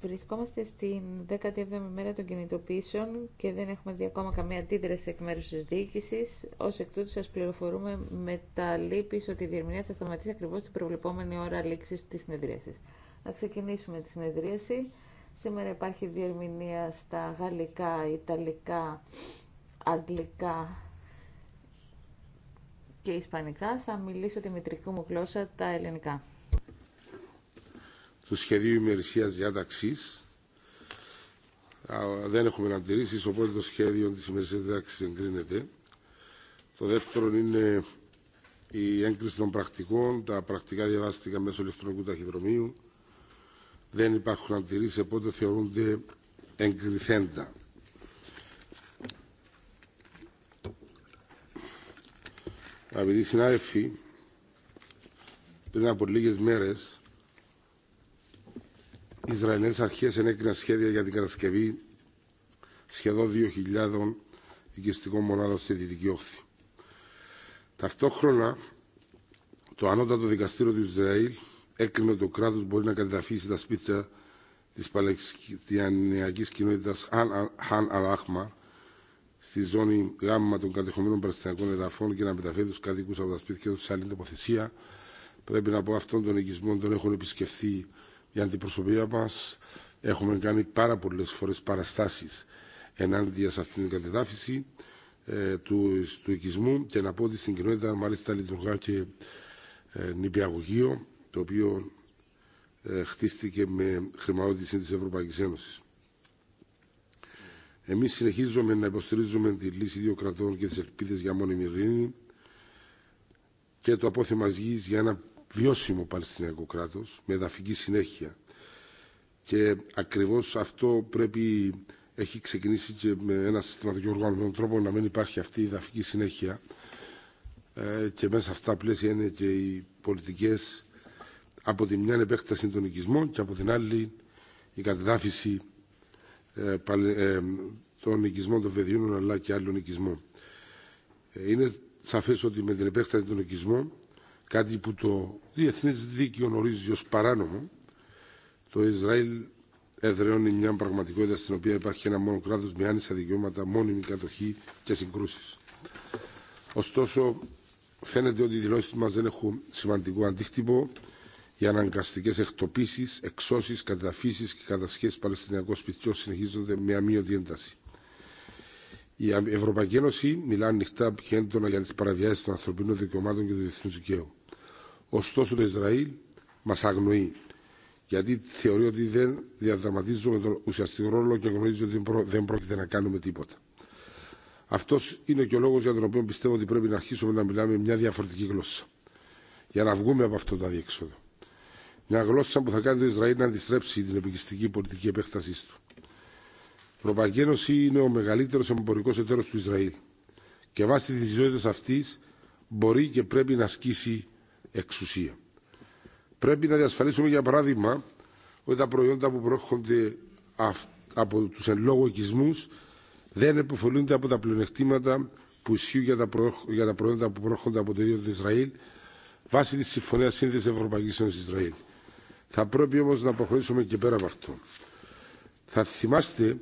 Βρισκόμαστε στην 17η μέρα των κινητοποιήσεων και δεν έχουμε δει ακόμα καμία αντίδραση εκ μέρου τη διοίκηση. Ω εκ τούτου, σα πληροφορούμε με τα λύπη ότι η διερμηνία θα σταματήσει ακριβώ την προβλεπόμενη ώρα λήξη τη συνεδρίαση. Να ξεκινήσουμε τη συνεδρίαση. Σήμερα υπάρχει διερμηνία στα γαλλικά, ιταλικά, αγγλικά, και ισπανικά, θα μιλήσω τη μητρική μου γλώσσα τα ελληνικά. Του σχεδίου ημερησία διάταξη δεν έχουμε αντιρρήσει, οπότε το σχέδιο τη ημερησία διάταξη εγκρίνεται. Το δεύτερο είναι η έγκριση των πρακτικών. Τα πρακτικά διαβάστηκαν μέσω ηλεκτρονικού ταχυδρομείου. Δεν υπάρχουν αντιρρήσει, οπότε θεωρούνται εγκριθέντα. Αγαπητοί συνάδελφοι, πριν από λίγες μέρες οι Ισραηλινές αρχές ενέκριναν σχέδια για την κατασκευή σχεδόν 2.000 οικιστικών μονάδων στη Δυτική Όχθη. Ταυτόχρονα, το Ανώτατο Δικαστήριο του Ισραήλ έκρινε ότι το κράτος μπορεί να κατεδαφίσει τα σπίτια της Παλαιστινιακής κοινότητας Χαν Αλάχμα στη ζώνη γάμμα των κατεχομένων παραστατικών εδαφών και να μεταφέρει του κατοίκου από τα σπίτια του σε άλλη τοποθεσία. Πρέπει να πω αυτόν τον οικισμό τον έχουν επισκεφθεί η αντιπροσωπεία μα. Έχουμε κάνει πάρα πολλέ φορέ παραστάσει ενάντια σε αυτήν την κατεδάφιση ε, του, του οικισμού και να πω ότι στην κοινότητα μάλιστα λειτουργά και ε, νηπιαγωγείο το οποίο ε, χτίστηκε με χρηματοδότηση της Ευρωπαϊκής Ένωσης. Εμεί συνεχίζουμε να υποστηρίζουμε τη λύση δύο κρατών και τι ελπίδε για μόνιμη ειρήνη και το απόθεμα γη για ένα βιώσιμο Παλαιστινιακό κράτο με εδαφική συνέχεια. Και ακριβώ αυτό πρέπει, έχει ξεκινήσει και με ένα συστηματικό οργανωμένο τρόπο να μην υπάρχει αυτή η εδαφική συνέχεια. Ε, και μέσα σε αυτά τα πλαίσια είναι και οι πολιτικέ από τη μια επέκταση των οικισμών και από την άλλη η κατεδάφιση ε, ε, των οικισμών των Βεδιούνων αλλά και άλλων οικισμών. Ε, είναι σαφές ότι με την επέκταση των οικισμών κάτι που το διεθνές δίκαιο ορίζει ως παράνομο το Ισραήλ εδραιώνει μια πραγματικότητα στην οποία υπάρχει ένα μόνο κράτο με άνισα δικαιώματα, μόνιμη κατοχή και συγκρούσεις. Ωστόσο, φαίνεται ότι οι δηλώσει μας δεν έχουν σημαντικό αντίκτυπο οι αναγκαστικέ εκτοπίσει, εξώσει, καταφύσει και κατασχέσει Παλαιστινιακών σπιτιών συνεχίζονται με αμύωτη ένταση. Η Ευρωπαϊκή Ένωση μιλά ανοιχτά και έντονα για τι παραβιάσει των ανθρωπίνων δικαιωμάτων και του διεθνού δικαίου. Ωστόσο, το Ισραήλ μα αγνοεί, γιατί θεωρεί ότι δεν διαδραματίζουμε τον ουσιαστικό ρόλο και γνωρίζει ότι δεν πρόκειται να κάνουμε τίποτα. Αυτό είναι και ο λόγο για τον οποίο πιστεύω ότι πρέπει να αρχίσουμε να μιλάμε μια διαφορετική γλώσσα για να βγούμε από αυτό το αδιέξοδο. Μια γλώσσα που θα κάνει το Ισραήλ να αντιστρέψει την επικιστική πολιτική επέκτασή του. Η Ευρωπαϊκή Ένωση είναι ο μεγαλύτερο εμπορικό εταίρο του Ισραήλ και βάσει τη ζωή αυτή μπορεί και πρέπει να ασκήσει εξουσία. Πρέπει να διασφαλίσουμε, για παράδειγμα, ότι τα προϊόντα που προέρχονται από του εν λόγω οικισμού δεν επωφελούνται από τα πλεονεκτήματα που ισχύουν για τα, για τα προϊόντα που προέρχονται από το ίδιο το Ισραήλ βάσει τη Συμφωνία Σύνδεση Ευρωπαϊκή Ισραήλ. Θα πρέπει όμως να προχωρήσουμε και πέρα από αυτό. Θα θυμάστε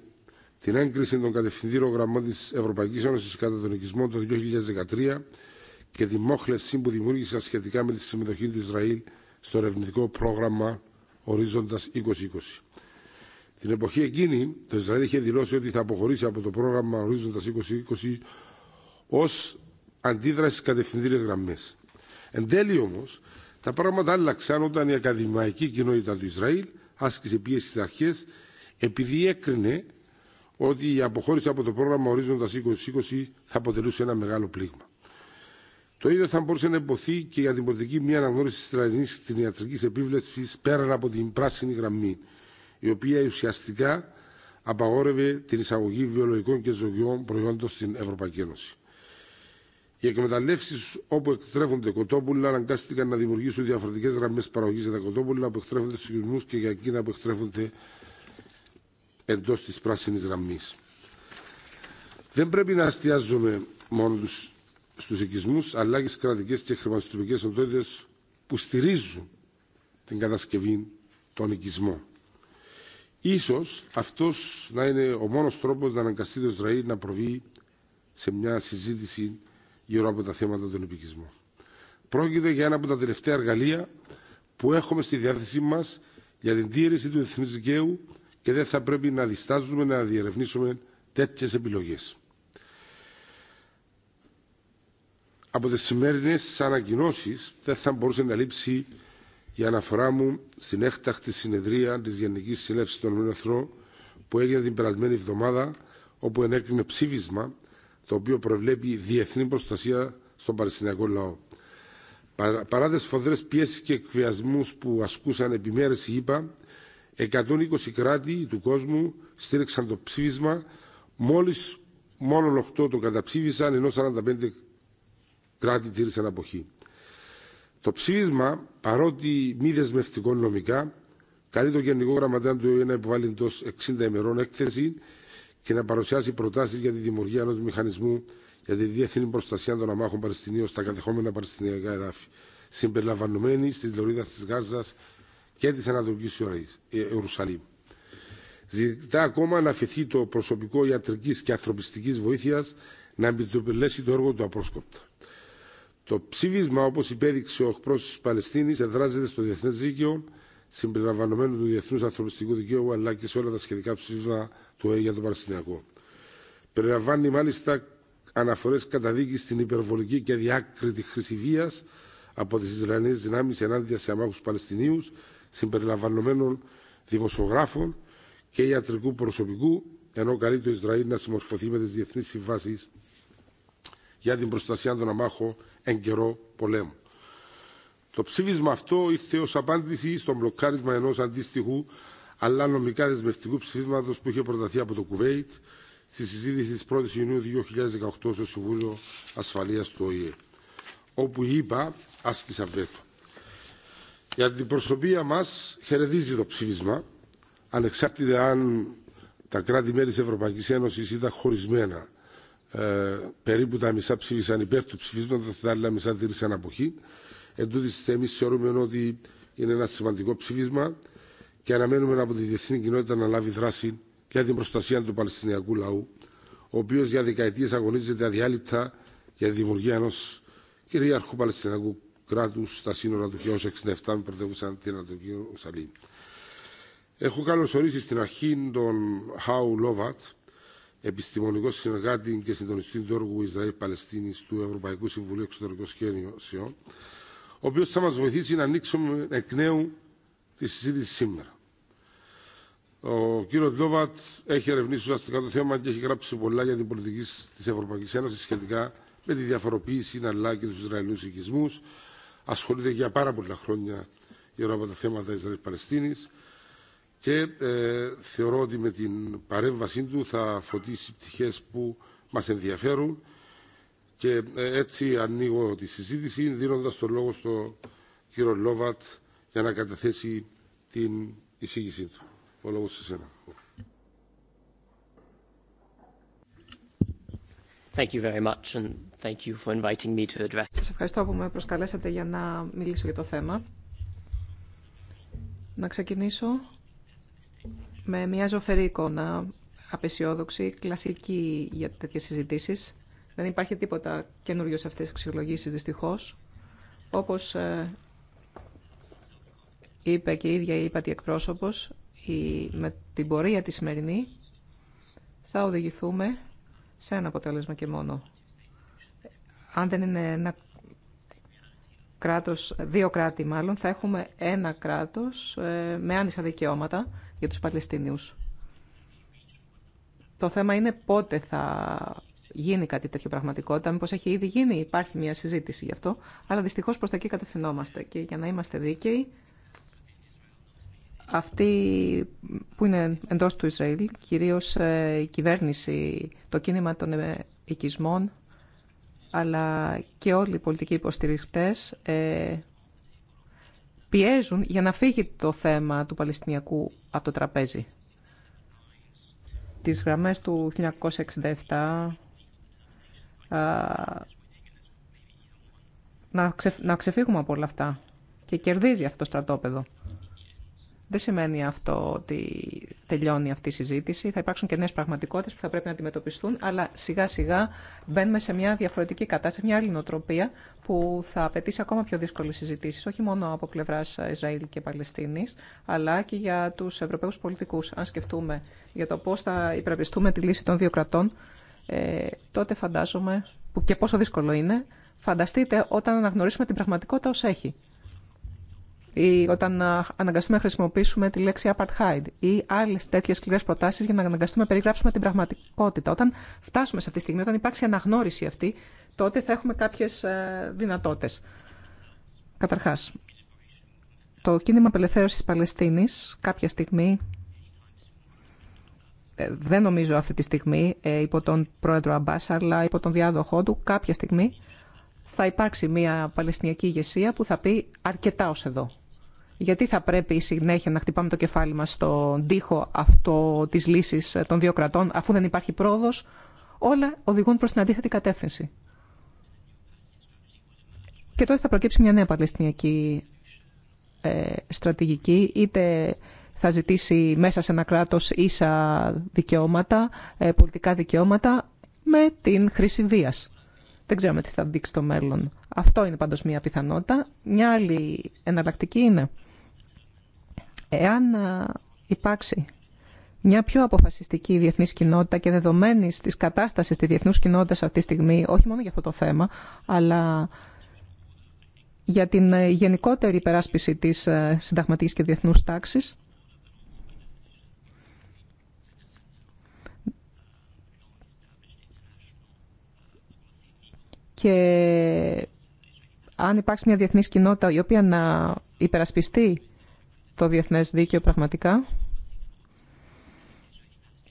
την έγκριση των κατευθυντήρων γραμμών της Ευρωπαϊκής Ένωσης κατά τον οικισμό το 2013 και τη μόχλευση που δημιούργησε σχετικά με τη συμμετοχή του Ισραήλ στο ερευνητικό πρόγραμμα Ορίζοντας 2020. Την εποχή εκείνη το Ισραήλ είχε δηλώσει ότι θα αποχωρήσει από το πρόγραμμα Ορίζοντας 2020 ως αντίδραση στις κατευθυντήριες γραμμές. Εν τέλει τα πράγματα άλλαξαν όταν η ακαδημαϊκή κοινότητα του Ισραήλ άσκησε πίεση στι αρχέ επειδή έκρινε ότι η αποχώρηση από το πρόγραμμα Ορίζοντα 2020 θα αποτελούσε ένα μεγάλο πλήγμα. Το ίδιο θα μπορούσε να υποθεί και για την πολιτική μια αναγνώριση τη Ισραηλινή κτηνιατρική επίβλεψη πέραν από την πράσινη γραμμή, η οποία ουσιαστικά απαγόρευε την εισαγωγή βιολογικών και ζωγιών προϊόντων στην Ευρωπαϊκή Ένωση. Οι εκμεταλλεύσει όπου εκτρέφονται κοτόπουλα αναγκάστηκαν να δημιουργήσουν διαφορετικέ γραμμέ παραγωγή για τα κοτόπουλα που εκτρέφονται στου χειρισμού και για εκείνα που εκτρέφονται εντό τη πράσινη γραμμή. Δεν πρέπει να αστιάζουμε μόνο στου οικισμού, αλλά και στι κρατικέ και χρηματιστηριακέ οντότητε που στηρίζουν την κατασκευή των οικισμών. Ίσως αυτό να είναι ο μόνο τρόπο να αναγκαστεί το Ισραήλ να προβεί σε μια συζήτηση γύρω από τα θέματα των επικισμών. Πρόκειται για ένα από τα τελευταία εργαλεία που έχουμε στη διάθεσή μα για την τήρηση του διεθνού δικαίου και δεν θα πρέπει να διστάζουμε να διερευνήσουμε τέτοιε επιλογέ. Από τι σημερινέ ανακοινώσει δεν θα μπορούσε να λείψει η αναφορά μου στην έκτακτη συνεδρία τη Γενική Συνέλευση των ΗΠΑ που έγινε την περασμένη εβδομάδα, όπου ενέκρινε ψήφισμα το οποίο προβλέπει διεθνή προστασία στον Παλαιστινιακό λαό. Παρά τι σφοδρέ πιέσει και εκβιασμού που ασκούσαν επί μέρε ΗΠΑ, 120 κράτη του κόσμου στήριξαν το ψήφισμα, μόλι μόνο 8 το καταψήφισαν, ενώ 45 κράτη τήρησαν αποχή. Το ψήφισμα, παρότι μη δεσμευτικό νομικά, καλεί το Γενικό Γραμματέα του ΕΕ να υποβάλει εντό 60 ημερών έκθεση και να παρουσιάσει προτάσει για τη δημιουργία ενό μηχανισμού για τη διεθνή προστασία των αμάχων Παλαιστινίων στα κατεχόμενα Παλαιστινιακά εδάφη, συμπεριλαμβανομένη τη λωρίδα τη Γάζα και τη Ανατολική Ιερουσαλήμ. Ζητά ακόμα να αφηθεί το προσωπικό ιατρική και ανθρωπιστική βοήθεια να επιτοπελέσει το έργο του απρόσκοπτα. Το ψήφισμα, όπω υπέδειξε ο εκπρόσωπο τη Παλαιστίνη, εδράζεται στο διεθνέ δίκαιο συμπεριλαμβανομένου του Διεθνού Ανθρωπιστικού Δικαίου αλλά και σε όλα τα σχετικά ψήφισμα του ΟΕ για τον Παλαιστινιακό. Περιλαμβάνει μάλιστα αναφορέ καταδίκη στην υπερβολική και διάκριτη χρήση βία από τι Ισραηλινέ δυνάμει ενάντια σε αμάχου Παλαιστινίου, συμπεριλαμβανομένων δημοσιογράφων και ιατρικού προσωπικού, ενώ καλεί το Ισραήλ να συμμορφωθεί με τι διεθνεί συμβάσει για την προστασία των αμάχων εν καιρό πολέμου. Το ψήφισμα αυτό ήρθε ω απάντηση στο μπλοκάρισμα ενό αντίστοιχου αλλά νομικά δεσμευτικού ψηφίσματο που είχε προταθεί από το Κουβέιτ στη συζήτηση τη 1η Ιουνίου 2018 στο Συμβούλιο Ασφαλεία του ΟΗΕ, όπου η άσκησα βέτο. Η αντιπροσωπεία μα χαιρετίζει το ψήφισμα, ανεξάρτητα αν τα κράτη-μέλη τη Ευρωπαϊκή Ένωση ήταν χωρισμένα. Ε, περίπου τα μισά ψήφισαν υπέρ του ψηφίσματο, τα άλλα μισά τήρησαν αποχή. Εν τούτης εμείς θεωρούμε ότι είναι ένα σημαντικό ψήφισμα και αναμένουμε από τη διεθνή κοινότητα να λάβει δράση για την προστασία του Παλαιστινιακού λαού, ο οποίο για δεκαετίε αγωνίζεται αδιάλειπτα για τη δημιουργία ενό κυρίαρχου Παλαιστινιακού κράτου στα σύνορα του 1967 με πρωτεύουσα την Ανατολική Ιερουσαλήμ. Έχω καλωσορίσει στην αρχή τον Χάου Λόβατ, επιστημονικό συνεργάτη και συντονιστή του όργου Ισραήλ Παλαιστίνη του Ευρωπαϊκού Συμβουλίου Εξωτερικών Σχέσεων, ο οποίο θα μα βοηθήσει να ανοίξουμε εκ νέου τη συζήτηση σήμερα. Ο κύριο Ντόβατ έχει ερευνήσει ουσιαστικά το θέμα και έχει γράψει πολλά για την πολιτική τη Ευρωπαϊκή Ένωση σχετικά με τη διαφοροποίηση, την αλλά και του Ισραηλού οικισμού. Ασχολείται για πάρα πολλά χρόνια γύρω από τα θέματα Ισραήλ-Παλαιστίνη και ε, θεωρώ ότι με την παρέμβασή του θα φωτίσει πτυχέ που μα ενδιαφέρουν και ε, έτσι ανοίγω τη συζήτηση δίνοντας το λόγο στον κύριο Λόβατ για να καταθέσει την εισήγησή του. Ο λόγος σε σένα. Thank Σας ευχαριστώ που με προσκαλέσατε για να μιλήσω για το θέμα. Να ξεκινήσω με μια ζωφερή εικόνα, απεσιόδοξη, κλασική για τέτοιες συζητήσεις δεν υπάρχει τίποτα καινούριο σε αυτές τις αξιολογήσεις δυστυχώς. Όπως ε, είπε και η ίδια η ύπατη εκπρόσωπος, με την πορεία τη σημερινή θα οδηγηθούμε σε ένα αποτέλεσμα και μόνο. Αν δεν είναι ένα κράτος, δύο κράτη μάλλον, θα έχουμε ένα κράτος ε, με άνισα δικαιώματα για τους Παλαιστινίους. Το θέμα είναι πότε θα γίνει κάτι τέτοιο πραγματικότητα, μήπως έχει ήδη γίνει, υπάρχει μια συζήτηση γι' αυτό, αλλά δυστυχώς προς τα εκεί κατευθυνόμαστε και για να είμαστε δίκαιοι, αυτοί που είναι εντός του Ισραήλ, κυρίως ε, η κυβέρνηση, το κίνημα των ε, οικισμών, αλλά και όλοι οι πολιτικοί υποστηριχτέ ε, πιέζουν για να φύγει το θέμα του Παλαιστινιακού από το τραπέζι. Τις γραμμές του 1967 να ξεφύγουμε από όλα αυτά. Και κερδίζει αυτό το στρατόπεδο. Δεν σημαίνει αυτό ότι τελειώνει αυτή η συζήτηση. Θα υπάρξουν και νέε πραγματικότητε που θα πρέπει να αντιμετωπιστούν, αλλά σιγά σιγά μπαίνουμε σε μια διαφορετική κατάσταση, μια άλλη νοοτροπία που θα απαιτήσει ακόμα πιο δύσκολε συζητήσει, όχι μόνο από πλευρά Ισραήλ και Παλαιστίνη, αλλά και για του Ευρωπαίου πολιτικού. Αν σκεφτούμε για το πώ θα υπεραπιστούμε τη λύση των δύο κρατών, ε, τότε φαντάζομαι, που και πόσο δύσκολο είναι, φανταστείτε όταν αναγνωρίσουμε την πραγματικότητα ως έχει. Ή όταν αναγκαστούμε να χρησιμοποιήσουμε τη λέξη apartheid ή άλλε τέτοιε σκληρέ προτάσει για να αναγκαστούμε να περιγράψουμε την πραγματικότητα. Όταν φτάσουμε σε αυτή τη στιγμή, όταν υπάρξει αναγνώριση αυτή, τότε θα έχουμε κάποιε δυνατότητε. Καταρχά, το κίνημα απελευθέρωση τη Παλαιστίνη κάποια στιγμή ε, δεν νομίζω αυτή τη στιγμή ε, υπό τον πρόεδρο Αμπάς, αλλά υπό τον διάδοχό του κάποια στιγμή θα υπάρξει μια Παλαιστινιακή ηγεσία που θα πει αρκετά ως εδώ. Γιατί θα πρέπει η συνέχεια να χτυπάμε το κεφάλι μας στον τοίχο αυτό της λύσης ε, των δύο κρατών, αφού δεν υπάρχει πρόοδος, όλα οδηγούν προς την αντίθετη κατεύθυνση. Και τότε θα προκύψει μια νέα Παλαιστινιακή στρατηγική, είτε θα ζητήσει μέσα σε ένα κράτος ίσα δικαιώματα, ε, πολιτικά δικαιώματα, με την χρήση βίας. Δεν ξέρουμε τι θα δείξει το μέλλον. Αυτό είναι πάντως μια πιθανότητα. Μια άλλη εναλλακτική είναι, εάν ε, υπάρξει μια πιο αποφασιστική διεθνή κοινότητα και δεδομένη τη κατάσταση τη διεθνού κοινότητα αυτή τη στιγμή, όχι μόνο για αυτό το θέμα, αλλά για την ε, γενικότερη υπεράσπιση τη συνταγματική και διεθνού τάξη, και αν υπάρξει μια διεθνής κοινότητα η οποία να υπερασπιστεί το διεθνές δίκαιο πραγματικά,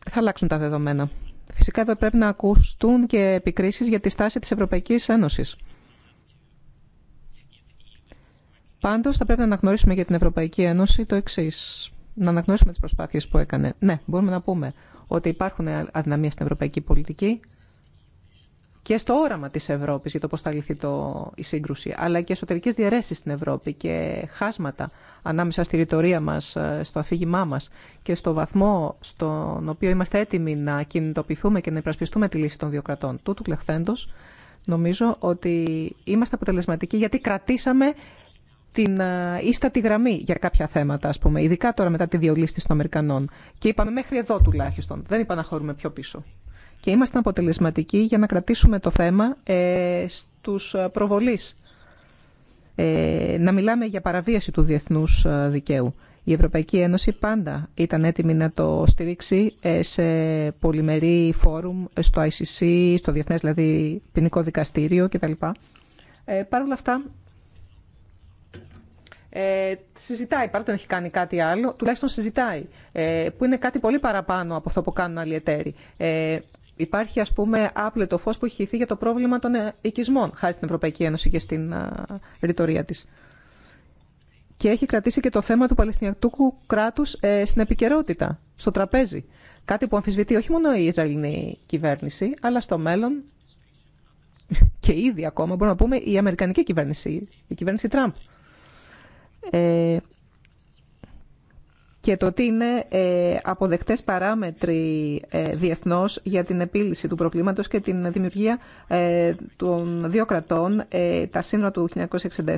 θα αλλάξουν τα δεδομένα. Φυσικά εδώ πρέπει να ακουστούν και επικρίσεις για τη στάση της Ευρωπαϊκής Ένωσης. Πάντως θα πρέπει να αναγνωρίσουμε για την Ευρωπαϊκή Ένωση το εξή. Να αναγνωρίσουμε τις προσπάθειες που έκανε. Ναι, μπορούμε να πούμε ότι υπάρχουν αδυναμίες στην ευρωπαϊκή πολιτική, και στο όραμα της Ευρώπης για το πώς θα λυθεί το, η σύγκρουση, αλλά και εσωτερικές διαρρέσεις στην Ευρώπη και χάσματα ανάμεσα στη ρητορία μας, ε, στο αφήγημά μας και στο βαθμό στον οποίο είμαστε έτοιμοι να κινητοποιηθούμε και να υπρασπιστούμε τη λύση των δύο κρατών. Τούτου κλεχθέντος, νομίζω ότι είμαστε αποτελεσματικοί γιατί κρατήσαμε την ε, ίστατη γραμμή για κάποια θέματα, ας πούμε, ειδικά τώρα μετά τη διολύστηση των Αμερικανών. Και είπαμε μέχρι εδώ τουλάχιστον, δεν είπα πιο πίσω και είμαστε αποτελεσματικοί για να κρατήσουμε το θέμα ε, στους ε, προβολείς. Ε, να μιλάμε για παραβίαση του διεθνούς ε, δικαίου. Η Ευρωπαϊκή Ένωση πάντα ήταν έτοιμη να το στηρίξει ε, σε πολυμερή φόρουμ, στο ICC, στο Διεθνές δηλαδή Ποινικό Δικαστήριο κτλ. Ε, Παρ' όλα αυτά, ε, συζητάει, παρά δεν έχει κάνει κάτι άλλο, τουλάχιστον συζητάει, ε, που είναι κάτι πολύ παραπάνω από αυτό που κάνουν άλλοι Ε, υπάρχει ας πούμε άπλετο φως που έχει χυθεί για το πρόβλημα των ε, οικισμών χάρη στην Ευρωπαϊκή Ένωση και στην ρητορία της. Και έχει κρατήσει και το θέμα του Παλαιστινιακού κράτους ε, στην επικαιρότητα, στο τραπέζι. Κάτι που αμφισβητεί όχι μόνο η Ισραηλινή κυβέρνηση, αλλά στο μέλλον και ήδη ακόμα μπορούμε να πούμε η Αμερικανική κυβέρνηση, η κυβέρνηση Τραμπ. Ε, και το ότι είναι ε, αποδεκτές παράμετροι ε, διεθνώς για την επίλυση του προβλήματος και την δημιουργία ε, των δύο κρατών, τα σύνορα του 1967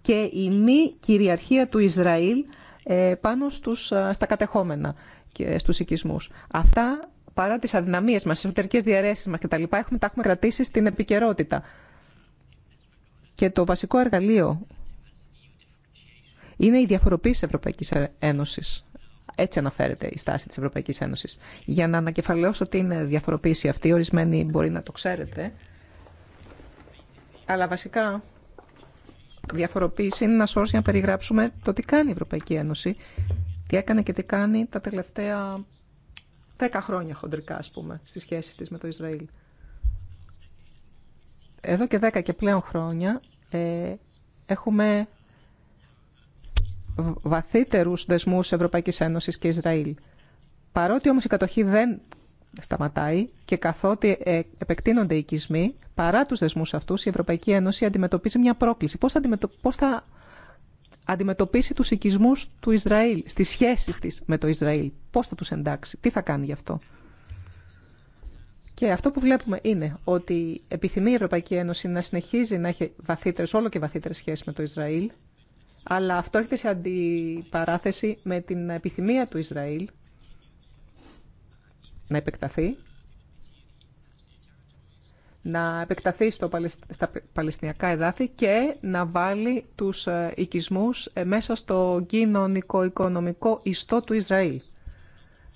και η μη κυριαρχία του Ισραήλ πάνω στους, στα κατεχόμενα και στους οικισμούς. Αυτά παρά τις αδυναμίες μας, τις εσωτερικές διαρρέσεις μας κτλ. Έχουμε, τα έχουμε κρατήσει στην επικαιρότητα. Και το βασικό εργαλείο είναι η διαφοροποίηση της Ευρωπαϊκής Ένωσης. Έτσι αναφέρεται η στάση της Ευρωπαϊκής Ένωσης. Για να ανακεφαλαιώσω είναι διαφοροποίηση αυτή, ορισμένοι μπορεί να το ξέρετε, αλλά βασικά διαφοροποίηση είναι ένα όρος για να περιγράψουμε το τι κάνει η Ευρωπαϊκή Ένωση, τι έκανε και τι κάνει τα τελευταία δέκα χρόνια χοντρικά, ας πούμε, στις σχέσεις της με το Ισραήλ. Εδώ και δέκα και πλέον χρόνια ε, έχουμε βαθύτερους δεσμούς Ευρωπαϊκής Ένωσης και Ισραήλ. Παρότι όμως η κατοχή δεν σταματάει και καθότι ε, επεκτείνονται οι οικισμοί, παρά τους δεσμούς αυτούς, η Ευρωπαϊκή Ένωση αντιμετωπίζει μια πρόκληση. Πώς θα, αντιμετω... θα αντιμετωπίσει τους οικισμούς του Ισραήλ, στις σχέσεις της με το Ισραήλ. Πώς θα τους εντάξει, τι θα κάνει γι' αυτό. Και αυτό που βλέπουμε είναι ότι επιθυμεί η Ευρωπαϊκή Ένωση να συνεχίζει να έχει βαθύτερες, όλο και βαθύτερες σχέσεις με το Ισραήλ αλλά αυτό έρχεται σε αντιπαράθεση με την επιθυμία του Ισραήλ να επεκταθεί, να επεκταθεί στο στα Παλαιστινιακά εδάφη και να βάλει τους ε, οικισμούς ε, μέσα στο κοινωνικό-οικονομικό ιστό του Ισραήλ.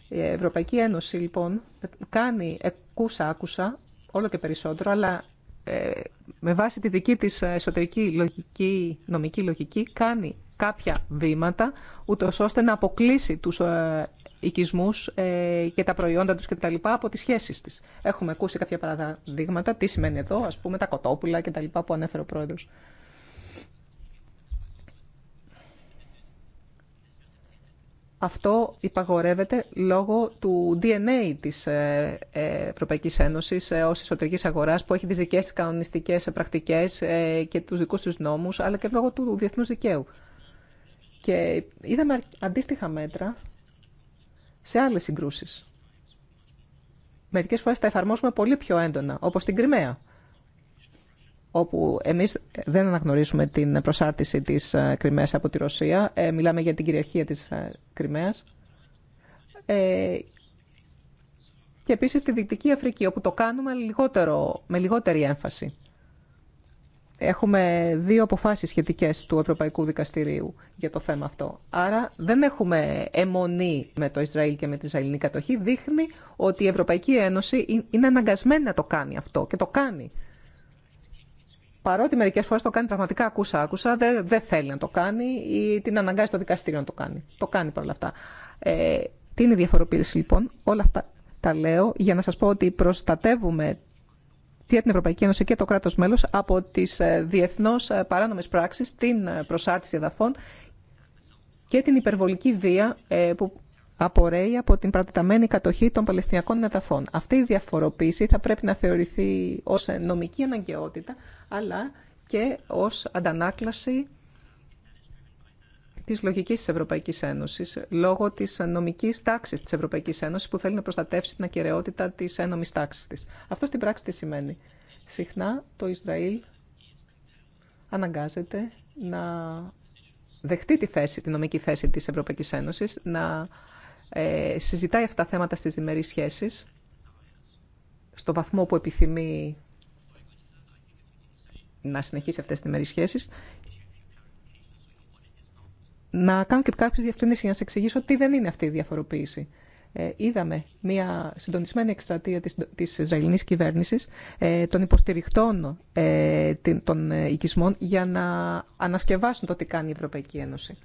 Η Ευρωπαϊκή Ένωση, λοιπόν, κάνει εκούσα-άκουσα όλο και περισσότερο, αλλά ε, με βάση τη δική της εσωτερική λογική, νομική λογική κάνει κάποια βήματα ούτω ώστε να αποκλείσει τους ε, οικισμούς ε, και τα προϊόντα τους και τα λοιπά από τις σχέσεις της. Έχουμε ακούσει κάποια παραδείγματα, τι σημαίνει εδώ, ας πούμε τα κοτόπουλα και τα λοιπά που ανέφερε ο πρόεδρος. Αυτό υπαγορεύεται λόγω του DNA της ε, ε, Ευρωπαϊκής Ένωσης ε, ως εσωτερική αγοράς που έχει τις δικές της κανονιστικές πρακτικές και τους δικούς τους νόμους, αλλά και λόγω του διεθνούς δικαίου. Και είδαμε αντίστοιχα μέτρα σε άλλες συγκρούσεις. Μερικές φορές τα εφαρμόσουμε πολύ πιο έντονα, όπως στην Κρυμαία όπου εμείς δεν αναγνωρίζουμε την προσάρτηση της ε, Κρυμαίας από τη Ρωσία. Ε, μιλάμε για την κυριαρχία της ε, Κρυμαίας. Ε, και επίσης στη Δυτική Αφρική, όπου το κάνουμε λιγότερο, με λιγότερη έμφαση. Έχουμε δύο αποφάσεις σχετικές του Ευρωπαϊκού Δικαστηρίου για το θέμα αυτό. Άρα δεν έχουμε αιμονή με το Ισραήλ και με την Ισραηλινή κατοχή. Δείχνει ότι η Ευρωπαϊκή Ένωση είναι αναγκασμένη να το κάνει αυτό και το κάνει παρότι μερικές φορές το κάνει πραγματικά ακούσα άκουσα, δεν, δεν θέλει να το κάνει ή την αναγκάζει το δικαστήριο να το κάνει. Το κάνει παρόλα αυτά. Ε, τι είναι η διαφοροποίηση λοιπόν, όλα αυτά τα λέω για να σας πω ότι προστατεύουμε και την Ευρωπαϊκή Ένωση και το κράτος μέλος από τις ε, διεθνώς ε, παράνομε πράξει την ε, προσάρτηση εδαφών και την υπερβολική βία που απορρέει από την παρατεταμένη κατοχή των Παλαιστινιακών εδαφών. Αυτή η διαφοροποίηση θα πρέπει να θεωρηθεί ως νομική αναγκαιότητα, αλλά και ως αντανάκλαση της λογικής τη Ευρωπαϊκή Ένωση, λόγω της νομικής τάξης της Ευρωπαϊκής Ένωσης, που θέλει να προστατεύσει την ακαιρεότητα της ένωμη τάξης της. Αυτό στην πράξη τι σημαίνει. Συχνά το Ισραήλ αναγκάζεται να δεχτεί τη θέση, τη νομική θέση της Ευρωπαϊκής Ένωσης, να ε, συζητάει αυτά τα θέματα στις διμερείς σχέσεις, στο βαθμό που επιθυμεί να συνεχίσει αυτές τις διμερείς σχέσεις, να κάνω και κάποιες διευκρινήσεις για να σας εξηγήσω τι δεν είναι αυτή η διαφοροποίηση. Ε, είδαμε μια συντονισμένη εκστρατεία της, της Ισραηλινής κυβέρνησης ε, των υποστηριχτών ε, των οικισμών για να ανασκευάσουν το τι κάνει η Ευρωπαϊκή Ένωση.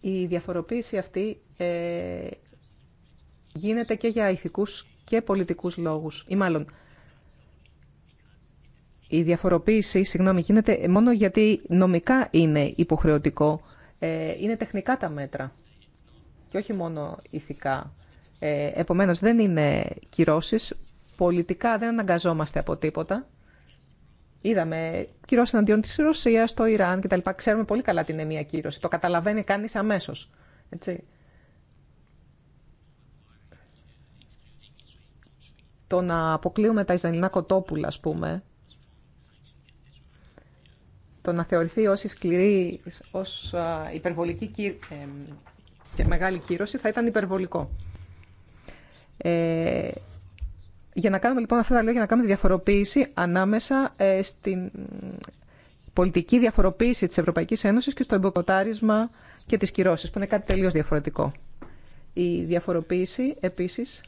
η διαφοροποίηση αυτή ε, γίνεται και για ηθικούς και πολιτικούς λόγους. Ή μάλλον, η διαφοροποίηση συγγνώμη, γίνεται μόνο γιατί νομικά είναι υποχρεωτικό. Ε, είναι τεχνικά τα μέτρα και όχι μόνο ηθικά. Ε, επομένως, δεν είναι κυρώσεις. Πολιτικά δεν αναγκαζόμαστε από τίποτα. Είδαμε κυρώσει εναντίον τη Ρωσία, το Ιράν κτλ. Ξέρουμε πολύ καλά την είναι κύρωση. Το καταλαβαίνει κανεί αμέσω. Το να αποκλείουμε τα Ισραηλινά κοτόπουλα, ας πούμε, το να θεωρηθεί ως ως υπερβολική και μεγάλη κύρωση θα ήταν υπερβολικό. Ε, για να κάνουμε λοιπόν αυτά τα λόγια, για να κάνουμε τη διαφοροποίηση ανάμεσα ε, στην πολιτική διαφοροποίηση της Ευρωπαϊκής Ένωσης και στο εμποκοτάρισμα και τις κυρώσεις, που είναι κάτι τελείως διαφορετικό. Η διαφοροποίηση επίσης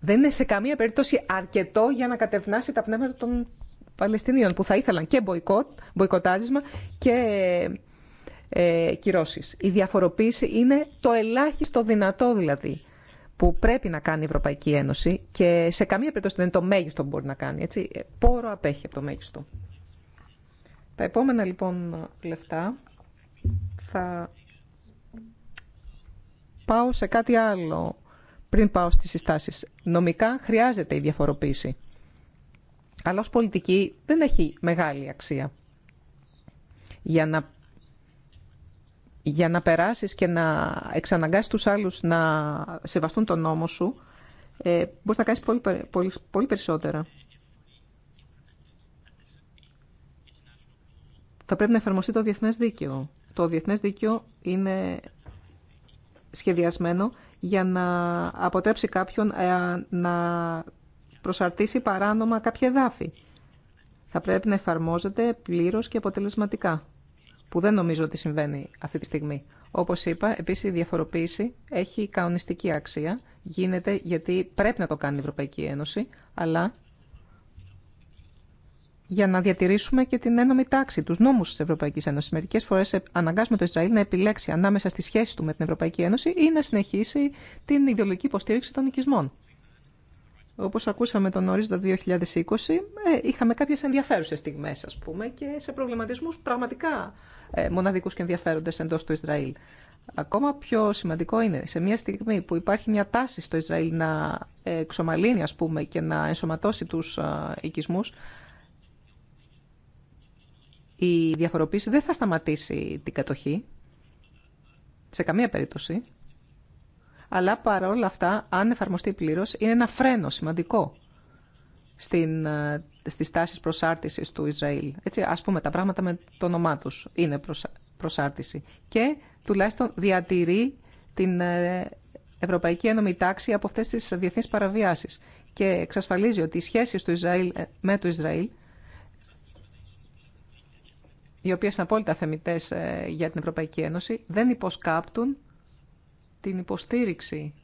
δεν είναι σε καμία περίπτωση αρκετό για να κατευνάσει τα πνεύματα των Παλαιστινίων που θα ήθελαν και μποϊκότ, μποϊκοτάρισμα και ε, κυρώσεις. Η διαφοροποίηση είναι το ελάχιστο δυνατό δηλαδή που πρέπει να κάνει η Ευρωπαϊκή Ένωση και σε καμία περίπτωση δεν είναι το μέγιστο που μπορεί να κάνει. Έτσι. Πόρο απέχει από το μέγιστο. Τα επόμενα λοιπόν λεφτά θα πάω σε κάτι άλλο πριν πάω στις συστάσεις. Νομικά χρειάζεται η διαφοροποίηση. Αλλά ως πολιτική δεν έχει μεγάλη αξία για να για να περάσεις και να εξαναγκάσεις τους άλλους να σεβαστούν τον νόμο σου, ε, μπορείς να κάνεις πολύ, πολύ, πολύ περισσότερα. Θα πρέπει να εφαρμοστεί το διεθνές δίκαιο. Το διεθνές δίκαιο είναι σχεδιασμένο για να αποτρέψει κάποιον ε, να προσαρτήσει παράνομα κάποια εδάφη. Θα πρέπει να εφαρμόζεται πλήρως και αποτελεσματικά που δεν νομίζω ότι συμβαίνει αυτή τη στιγμή. Όπως είπα, επίση η διαφοροποίηση έχει καονιστική αξία. Γίνεται γιατί πρέπει να το κάνει η Ευρωπαϊκή Ένωση, αλλά για να διατηρήσουμε και την ένωμη τάξη, του νόμου τη Ευρωπαϊκή Ένωση. Μερικέ φορέ αναγκάζουμε το Ισραήλ να επιλέξει ανάμεσα στη σχέση του με την Ευρωπαϊκή Ένωση ή να συνεχίσει την ιδεολογική υποστήριξη των οικισμών. Όπως ακούσαμε τον ορίζοντα 2020, είχαμε κάποιες ενδιαφέρουσες στιγμές, ας πούμε, και σε προβληματισμούς πραγματικά ε, μοναδικούς και ενδιαφέροντες εντός του Ισραήλ. Ακόμα πιο σημαντικό είναι, σε μια στιγμή που υπάρχει μια τάση στο Ισραήλ να ε, εξομαλύνει, ας πούμε, και να ενσωματώσει τους οικισμούς, η διαφοροποίηση δεν θα σταματήσει την κατοχή, σε καμία περίπτωση αλλά παρόλα αυτά, αν εφαρμοστεί πλήρω είναι ένα φρένο σημαντικό στην, ε, στις τάσεις προσάρτησης του Ισραήλ. Έτσι, ας πούμε τα πράγματα με το όνομά τους είναι προσάρτηση. Και τουλάχιστον διατηρεί την ε, Ευρωπαϊκή Ένωμη Τάξη από αυτές τις διεθνείς παραβιάσεις και εξασφαλίζει ότι οι σχέσεις του Ισραήλ ε, με το Ισραήλ οι οποίες είναι απόλυτα θεμητές για την Ευρωπαϊκή Ένωση, δεν υποσκάπτουν την υποστήριξη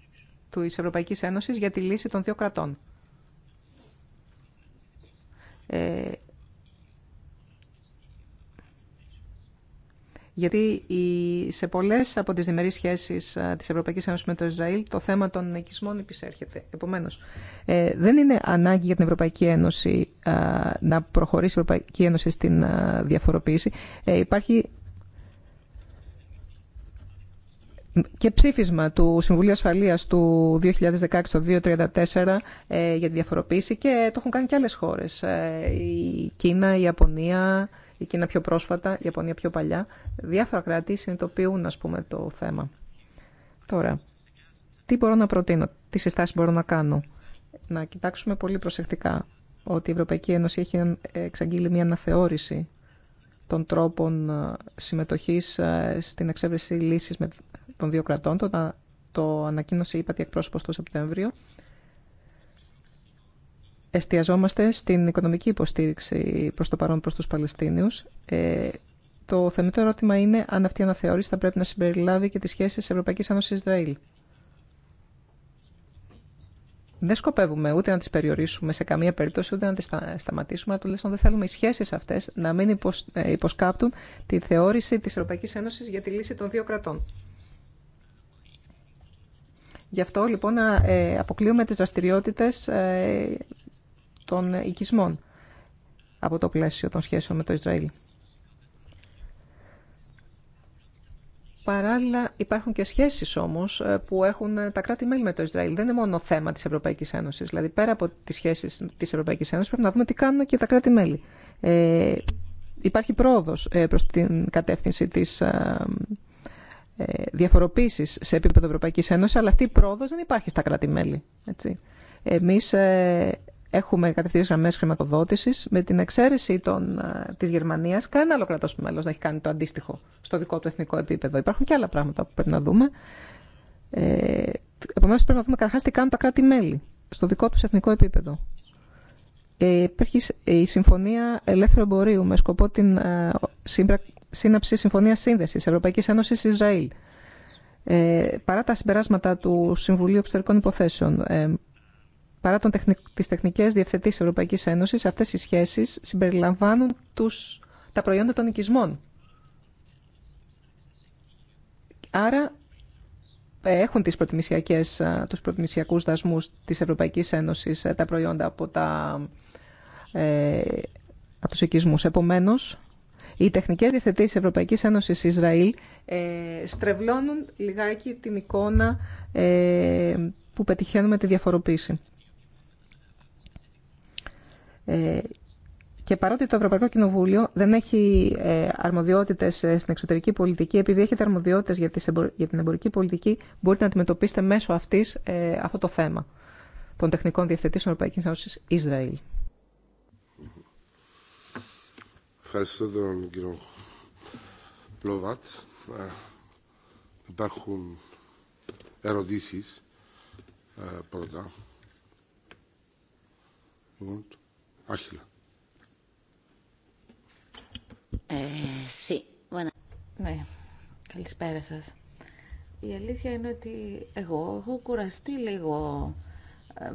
της Ευρωπαϊκής Ένωσης για τη λύση των δύο κρατών. Ε, γιατί σε πολλές από τις διμερείς σχέσεις ε, της Ευρωπαϊκής Ένωσης με το Ισραήλ το θέμα των οικισμών επισέρχεται. Επομένως, ε, δεν είναι ανάγκη για την Ευρωπαϊκή Ένωση να προχωρήσει η Ευρωπαϊκή Ένωση στην διαφοροποίηση. Υπάρχει και ψήφισμα του Συμβουλίου Ασφαλείας του 2016 το 234 για τη διαφοροποίηση και το έχουν κάνει και άλλες χώρες. Ε, η Κίνα, η Ιαπωνία, η Κίνα πιο πρόσφατα, η Ιαπωνία πιο παλιά. Διάφορα κράτη συνειδητοποιούν ας πούμε το θέμα. Τώρα, τι μπορώ να προτείνω, τι συστάσεις μπορώ να κάνω. Να κοιτάξουμε πολύ προσεκτικά ότι η Ευρωπαϊκή Ένωση έχει εξαγγείλει μια αναθεώρηση των τρόπων ε, συμμετοχής ε, στην εξέβρεση λύσης των δύο κρατών. Το, το ανακοίνωσε η εκπρόσωπο εκπρόσωπο το Σεπτέμβριο. Εστιαζόμαστε στην οικονομική υποστήριξη προς το παρόν προς του Παλαιστίνιους. Ε, το θεμετό ερώτημα είναι αν αυτή η αναθεώρηση θα πρέπει να συμπεριλάβει και τις σχέσεις Ευρωπαϊκής Ένωσης Ισραήλ. Δεν σκοπεύουμε ούτε να τι περιορίσουμε σε καμία περίπτωση, ούτε να τι σταματήσουμε, αλλά τουλάχιστον δεν θέλουμε οι σχέσει αυτέ να μην ε, υποσκάπτουν τη θεώρηση τη Ευρωπαϊκή Ένωση για τη λύση των δύο κρατών. Γι' αυτό λοιπόν ε, αποκλείουμε τις δραστηριότητες ε, των οικισμών από το πλαίσιο των σχέσεων με το Ισραήλ. Παράλληλα υπάρχουν και σχέσεις όμως ε, που έχουν τα κράτη-μέλη με το Ισραήλ. Δεν είναι μόνο θέμα της Ευρωπαϊκής Ένωσης. Δηλαδή πέρα από τις σχέσεις της Ευρωπαϊκής Ένωσης πρέπει να δούμε τι κάνουν και τα κράτη-μέλη. Ε, υπάρχει πρόοδος προς την κατεύθυνση της ε, διαφοροποίησης σε επίπεδο Ευρωπαϊκής Ένωσης, αλλά αυτή η πρόοδος δεν υπάρχει στα κράτη-μέλη. Εμείς ε, έχουμε κατευθείαν γραμμέ χρηματοδότηση. Με την εξαίρεση τη ε, της Γερμανίας, κανένα άλλο κρατό μέλο δεν έχει κάνει το αντίστοιχο στο δικό του εθνικό επίπεδο. Υπάρχουν και άλλα πράγματα που πρέπει να δούμε. Ε, Επομένω, πρέπει να δούμε καταρχά τι κάνουν τα κράτη-μέλη στο δικό του εθνικό επίπεδο. Ε, υπάρχει η Συμφωνία Ελεύθερου Εμπορίου με σκοπό την σύναψη Συμφωνίας Σύνδεσης Ευρωπαϊκής Ένωσης Ισραήλ. Ε, παρά τα συμπεράσματα του Συμβουλίου Εξωτερικών Υποθέσεων, ε, παρά τον τεχνικ, τις τεχνικές διευθετήσεις Ευρωπαϊκής Ένωσης, αυτές οι σχέσεις συμπεριλαμβάνουν τους, τα προϊόντα των οικισμών. Άρα ε, έχουν τις προτιμησιακές, ε, τους προτιμησιακούς δασμούς της Ευρωπαϊκής Ένωσης ε, τα προϊόντα από, τα, ε, από τους οικισμούς. Επομένως, οι τεχνικές διευθετήσεις Ευρωπαϊκής Ένωση Ισραήλ ε, στρεβλώνουν λιγάκι την εικόνα ε, που πετυχαίνουμε τη διαφοροποίηση. Ε, και παρότι το Ευρωπαϊκό Κοινοβούλιο δεν έχει ε, αρμοδιότητε ε, στην εξωτερική πολιτική, επειδή έχετε αρμοδιότητε για την εμπορική πολιτική, μπορείτε να αντιμετωπίσετε μέσω αυτή αυτό το θέμα των τεχνικών διευθετήσεων Ευρωπαϊκή Ένωση Ισραήλ. Ευχαριστώ τον κύριο Πλόβατ. Ε, υπάρχουν ερωτήσεις ε, πρώτα. Λοιπόν, Άχιλα. Ε, ναι, καλησπέρα σας. Η αλήθεια είναι ότι εγώ έχω κουραστεί λίγο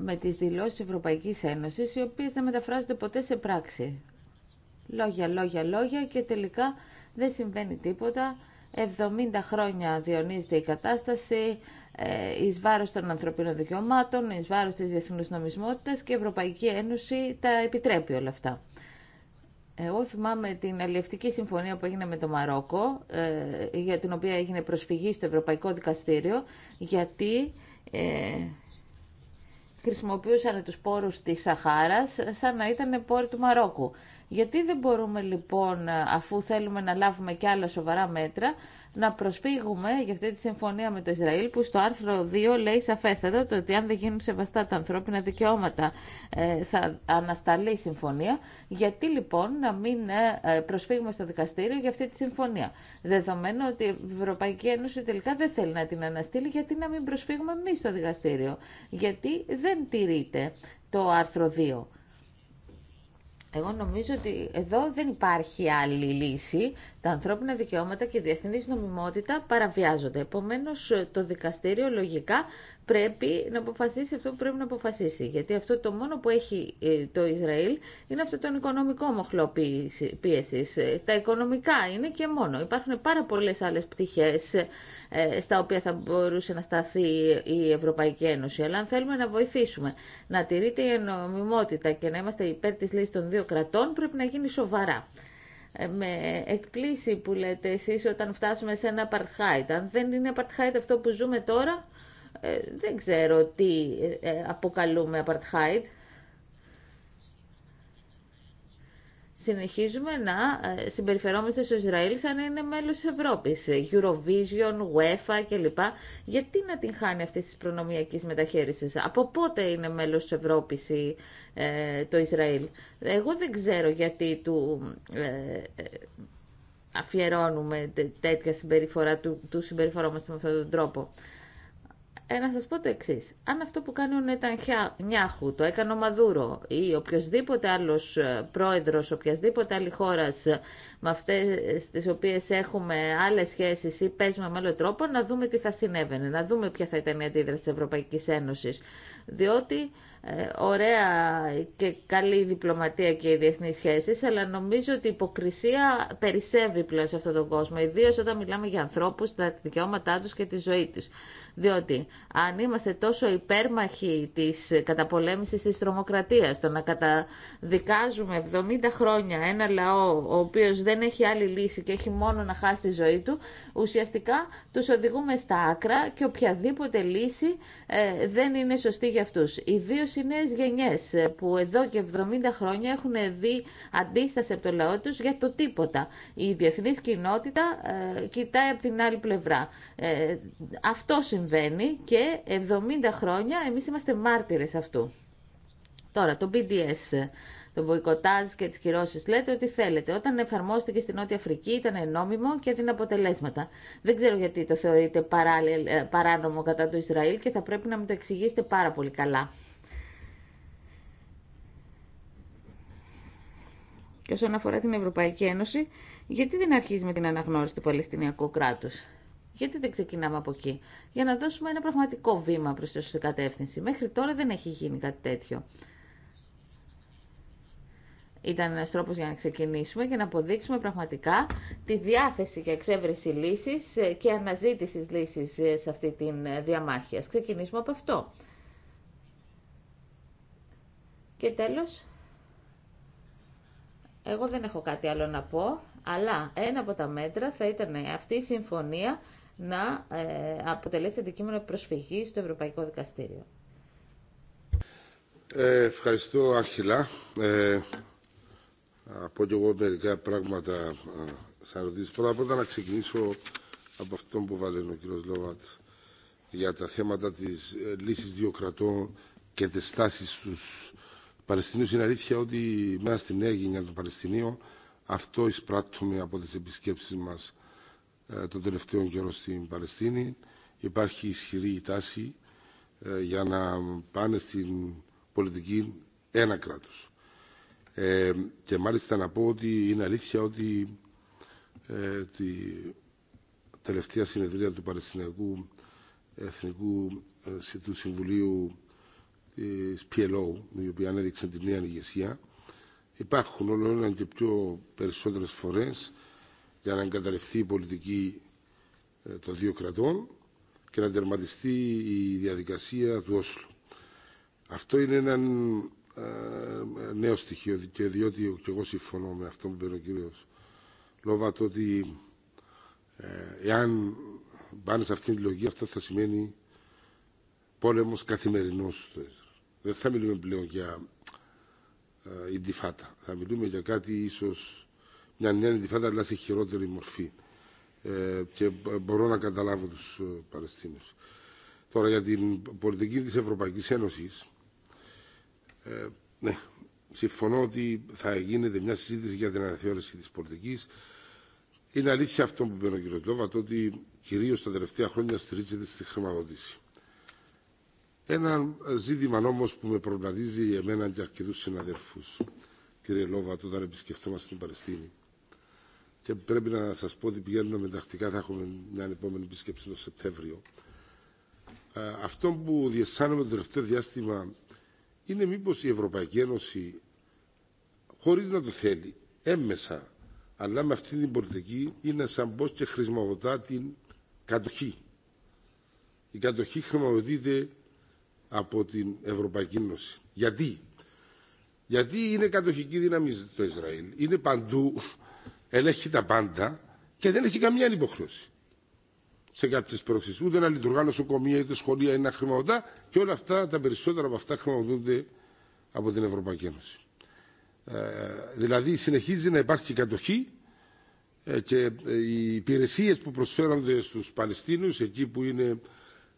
με τις δηλώσεις Ευρωπαϊκής Ένωσης, οι οποίες δεν μεταφράζονται ποτέ σε πράξη. Λόγια, λόγια, λόγια και τελικά δεν συμβαίνει τίποτα. 70 χρόνια διονύζεται η κατάσταση ε, εις βάρος των ανθρωπίνων δικαιωμάτων, εις βάρος της διεθνούς νομισμότητας και η Ευρωπαϊκή Ένωση τα επιτρέπει όλα αυτά. Εγώ θυμάμαι την αλληλευτική συμφωνία που έγινε με το Μαρόκο, ε, για την οποία έγινε προσφυγή στο Ευρωπαϊκό Δικαστήριο, γιατί ε, χρησιμοποιούσαν τους πόρους της Σαχάρας σαν να ήταν πόροι του Μαρόκου. Γιατί δεν μπορούμε λοιπόν, ε, αφού θέλουμε να λάβουμε και άλλα σοβαρά μέτρα, να προσφύγουμε για αυτή τη συμφωνία με το Ισραήλ που στο άρθρο 2 λέει σαφέστατα το ότι αν δεν γίνουν σεβαστά τα ανθρώπινα δικαιώματα ε, θα ανασταλεί η συμφωνία. Γιατί λοιπόν να μην ε, προσφύγουμε στο δικαστήριο για αυτή τη συμφωνία. Δεδομένου ότι η Ευρωπαϊκή Ένωση τελικά δεν θέλει να την αναστείλει, γιατί να μην προσφύγουμε εμεί στο δικαστήριο. Γιατί δεν τηρείται το άρθρο 2. Εγώ νομίζω ότι εδώ δεν υπάρχει άλλη λύση τα ανθρώπινα δικαιώματα και η διεθνής νομιμότητα παραβιάζονται. Επομένως, το δικαστήριο λογικά πρέπει να αποφασίσει αυτό που πρέπει να αποφασίσει. Γιατί αυτό το μόνο που έχει ε, το Ισραήλ είναι αυτό το οικονομικό μοχλό πίεση. Ε, τα οικονομικά είναι και μόνο. Υπάρχουν πάρα πολλέ άλλε πτυχέ ε, στα οποία θα μπορούσε να σταθεί η Ευρωπαϊκή Ένωση. Αλλά αν θέλουμε να βοηθήσουμε να τηρείται η νομιμότητα και να είμαστε υπέρ τη λύση των δύο κρατών, πρέπει να γίνει σοβαρά. Ε, με εκπλήσει που λέτε εσείς όταν φτάσουμε σε ένα apartheid. Αν δεν είναι apartheid αυτό που ζούμε τώρα, ε, δεν ξέρω τι ε, αποκαλούμε apartheid. συνεχίζουμε να ε, συμπεριφερόμαστε στο Ισραήλ σαν να είναι μέλος της Ευρώπης. Eurovision, UEFA κλπ. Γιατί να την χάνει αυτή τη προνομιακή μεταχείριση. Από πότε είναι μέλος της Ευρώπης ε, το Ισραήλ. Εγώ δεν ξέρω γιατί του... Ε, ε αφιερώνουμε τέτοια συμπεριφορά, του, του συμπεριφορόμαστε με αυτόν τον τρόπο ε, να σας πω το εξή. Αν αυτό που κάνει ο νιάχου, το έκανε ο Μαδούρο ή οποιοδήποτε άλλος ε, πρόεδρος οποιασδήποτε άλλη χώρα ε, με αυτές τις οποίες έχουμε άλλες σχέσεις ή παίζουμε με άλλο τρόπο, να δούμε τι θα συνέβαινε, να δούμε ποια θα ήταν η αντίδραση της Ευρωπαϊκής Ένωσης. Διότι ε, ωραία και καλή διπλωματία και οι διεθνεί σχέσει, αλλά νομίζω ότι η υποκρισία περισσεύει πλέον σε αυτόν τον κόσμο, ιδίω όταν μιλάμε για ανθρώπου, τα δικαιώματά του και τη ζωή του. Διότι αν είμαστε τόσο υπέρμαχοι της καταπολέμησης της τρομοκρατίας, το να καταδικάζουμε 70 χρόνια ένα λαό ο οποίος δεν έχει άλλη λύση και έχει μόνο να χάσει τη ζωή του, ουσιαστικά τους οδηγούμε στα άκρα και οποιαδήποτε λύση ε, δεν είναι σωστή για αυτούς. Ιδίω οι νέε γενιές ε, που εδώ και 70 χρόνια έχουν δει αντίσταση από το λαό τους για το τίποτα. Η διεθνής κοινότητα ε, κοιτάει από την άλλη πλευρά. αυτό συμβαίνει και 70 χρόνια εμείς είμαστε μάρτυρες αυτού. Τώρα, το BDS, το μποϊκοτάζ και τις κυρώσεις, λέτε ότι θέλετε. Όταν εφαρμόστηκε στην Νότια Αφρική ήταν νόμιμο και έδινε αποτελέσματα. Δεν ξέρω γιατί το θεωρείτε ε, παράνομο κατά του Ισραήλ και θα πρέπει να μου το εξηγήσετε πάρα πολύ καλά. Και όσον αφορά την Ευρωπαϊκή Ένωση, γιατί δεν αρχίζει με την αναγνώριση του Παλαιστινιακού κράτους. Γιατί δεν ξεκινάμε από εκεί. Για να δώσουμε ένα πραγματικό βήμα προς τη σωστή κατεύθυνση. Μέχρι τώρα δεν έχει γίνει κάτι τέτοιο. Ήταν ένας τρόπος για να ξεκινήσουμε και να αποδείξουμε πραγματικά τη διάθεση για εξέβρεση λύσης και αναζήτηση λύσης σε αυτή τη διαμάχη. Ας ξεκινήσουμε από αυτό. Και τέλος, εγώ δεν έχω κάτι άλλο να πω, αλλά ένα από τα μέτρα θα ήταν αυτή η συμφωνία να ε, αποτελέσει αντικείμενο προσφυγή στο Ευρωπαϊκό Δικαστήριο. Ε, ευχαριστώ, αρχιλά. Ε, από και εγώ μερικά πράγματα ε, σαν ρωτήσω Πρώτα απ' όλα να ξεκινήσω από αυτό που βάλε ο κ. Λόβατ για τα θέματα της ε, λύσης δύο κρατών και τη στάσεις στους Παλαιστινίους. Είναι αλήθεια ότι μέσα στην νέα γενιά των αυτό εισπράττουμε από τις επισκέψεις μας ε, τον τελευταίο καιρό στην Παλαιστίνη. Υπάρχει ισχυρή τάση ε, για να πάνε στην πολιτική ένα κράτος. Ε, και μάλιστα να πω ότι είναι αλήθεια ότι τη τελευταία συνεδρία του Παλαιστινιακού Εθνικού του Συμβουλίου της PLO, η οποία ανέδειξε την νέα ηγεσία, υπάρχουν όλο ένα και πιο περισσότερες φορές για να εγκαταλειφθεί η πολιτική ε, των δύο κρατών και να τερματιστεί η διαδικασία του Όσλου. Αυτό είναι ένα ε, νέο στοιχείο και διότι και εγώ συμφωνώ με αυτό που είπε ο κύριο Λόβατο ότι ε, εάν πάνε σε αυτήν την λογική αυτό θα σημαίνει πόλεμος καθημερινός Δεν θα μιλούμε πλέον για ε, Θα μιλούμε για κάτι ίσως μια νέα αντιφάτα αλλά σε χειρότερη μορφή. Ε, και μπορώ να καταλάβω του ε, Παλαιστίνου. Τώρα για την πολιτική τη Ευρωπαϊκή Ένωση, ε, ναι, συμφωνώ ότι θα γίνεται μια συζήτηση για την αναθεώρηση τη πολιτική, Είναι αλήθεια αυτό που είπε ο κ. το ότι κυρίω τα τελευταία χρόνια στηρίζεται στη χρηματοδότηση. Ένα ζήτημα όμω που με προβληματίζει εμένα και αρκετού συναδέλφου, κύριε Λόβατ, όταν επισκεφτόμαστε την Παλαιστίνη, και πρέπει να σας πω ότι πηγαίνουμε τακτικά, θα έχουμε μια επόμενη επισκέψη το Σεπτέμβριο. Ε, αυτό που διεσάνομαι το τελευταίο διάστημα είναι μήπως η Ευρωπαϊκή Ένωση, χωρίς να το θέλει, έμμεσα, αλλά με αυτή την πολιτική είναι σαν πως και χρησιμοποιητά την κατοχή. Η κατοχή χρησιμοποιείται από την Ευρωπαϊκή Ένωση. Γιατί? Γιατί είναι κατοχική δύναμη το Ισραήλ. Είναι παντού ελέγχει τα πάντα και δεν έχει καμία υποχρέωση σε κάποιε πρόξει. Ούτε να λειτουργά νοσοκομεία, είτε σχολεία, είναι να χρηματοδοτά και όλα αυτά, τα περισσότερα από αυτά χρηματοδοτούνται από την Ευρωπαϊκή Ένωση. Ε, δηλαδή συνεχίζει να υπάρχει κατοχή ε, και ε, οι υπηρεσίε που προσφέρονται στου Παλαιστίνου, εκεί που είναι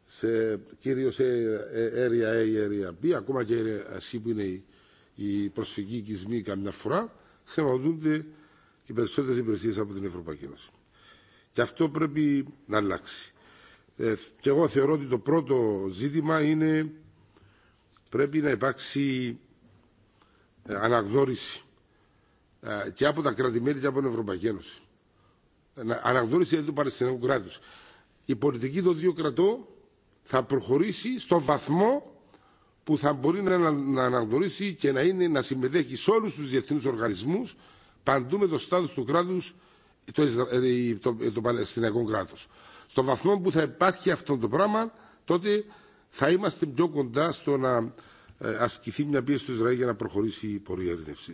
σε, κυρίως σε ε, area A, area B, ακόμα και area C που είναι οι, οι προσφυγικοί οικισμοί καμιά φορά, χρηματοδοτούνται οι περισσότερε υπηρεσίε από την Ευρωπαϊκή Ένωση. Και αυτό πρέπει να αλλάξει. Ε, και εγώ θεωρώ ότι το πρώτο ζήτημα είναι πρέπει να υπάρξει ε, αναγνώριση ε, και από τα κρατη και από την Ευρωπαϊκή Ένωση. Ε, αναγνώριση δηλαδή του Παλαιστινιακού κράτου. Η πολιτική των δύο κρατών θα προχωρήσει στο βαθμό που θα μπορεί να αναγνωρίσει και να, να συμμετέχει σε όλους τους διεθνείς οργανισμούς παντού με το στάτους του κράτους το, ε, το, ε, το Παλαιστινιακό Στο βαθμό που θα υπάρχει αυτό το πράγμα, τότε θα είμαστε πιο κοντά στο να ε, ασκηθεί μια πίεση στο Ισραήλ για να προχωρήσει η πορεία ερνευση.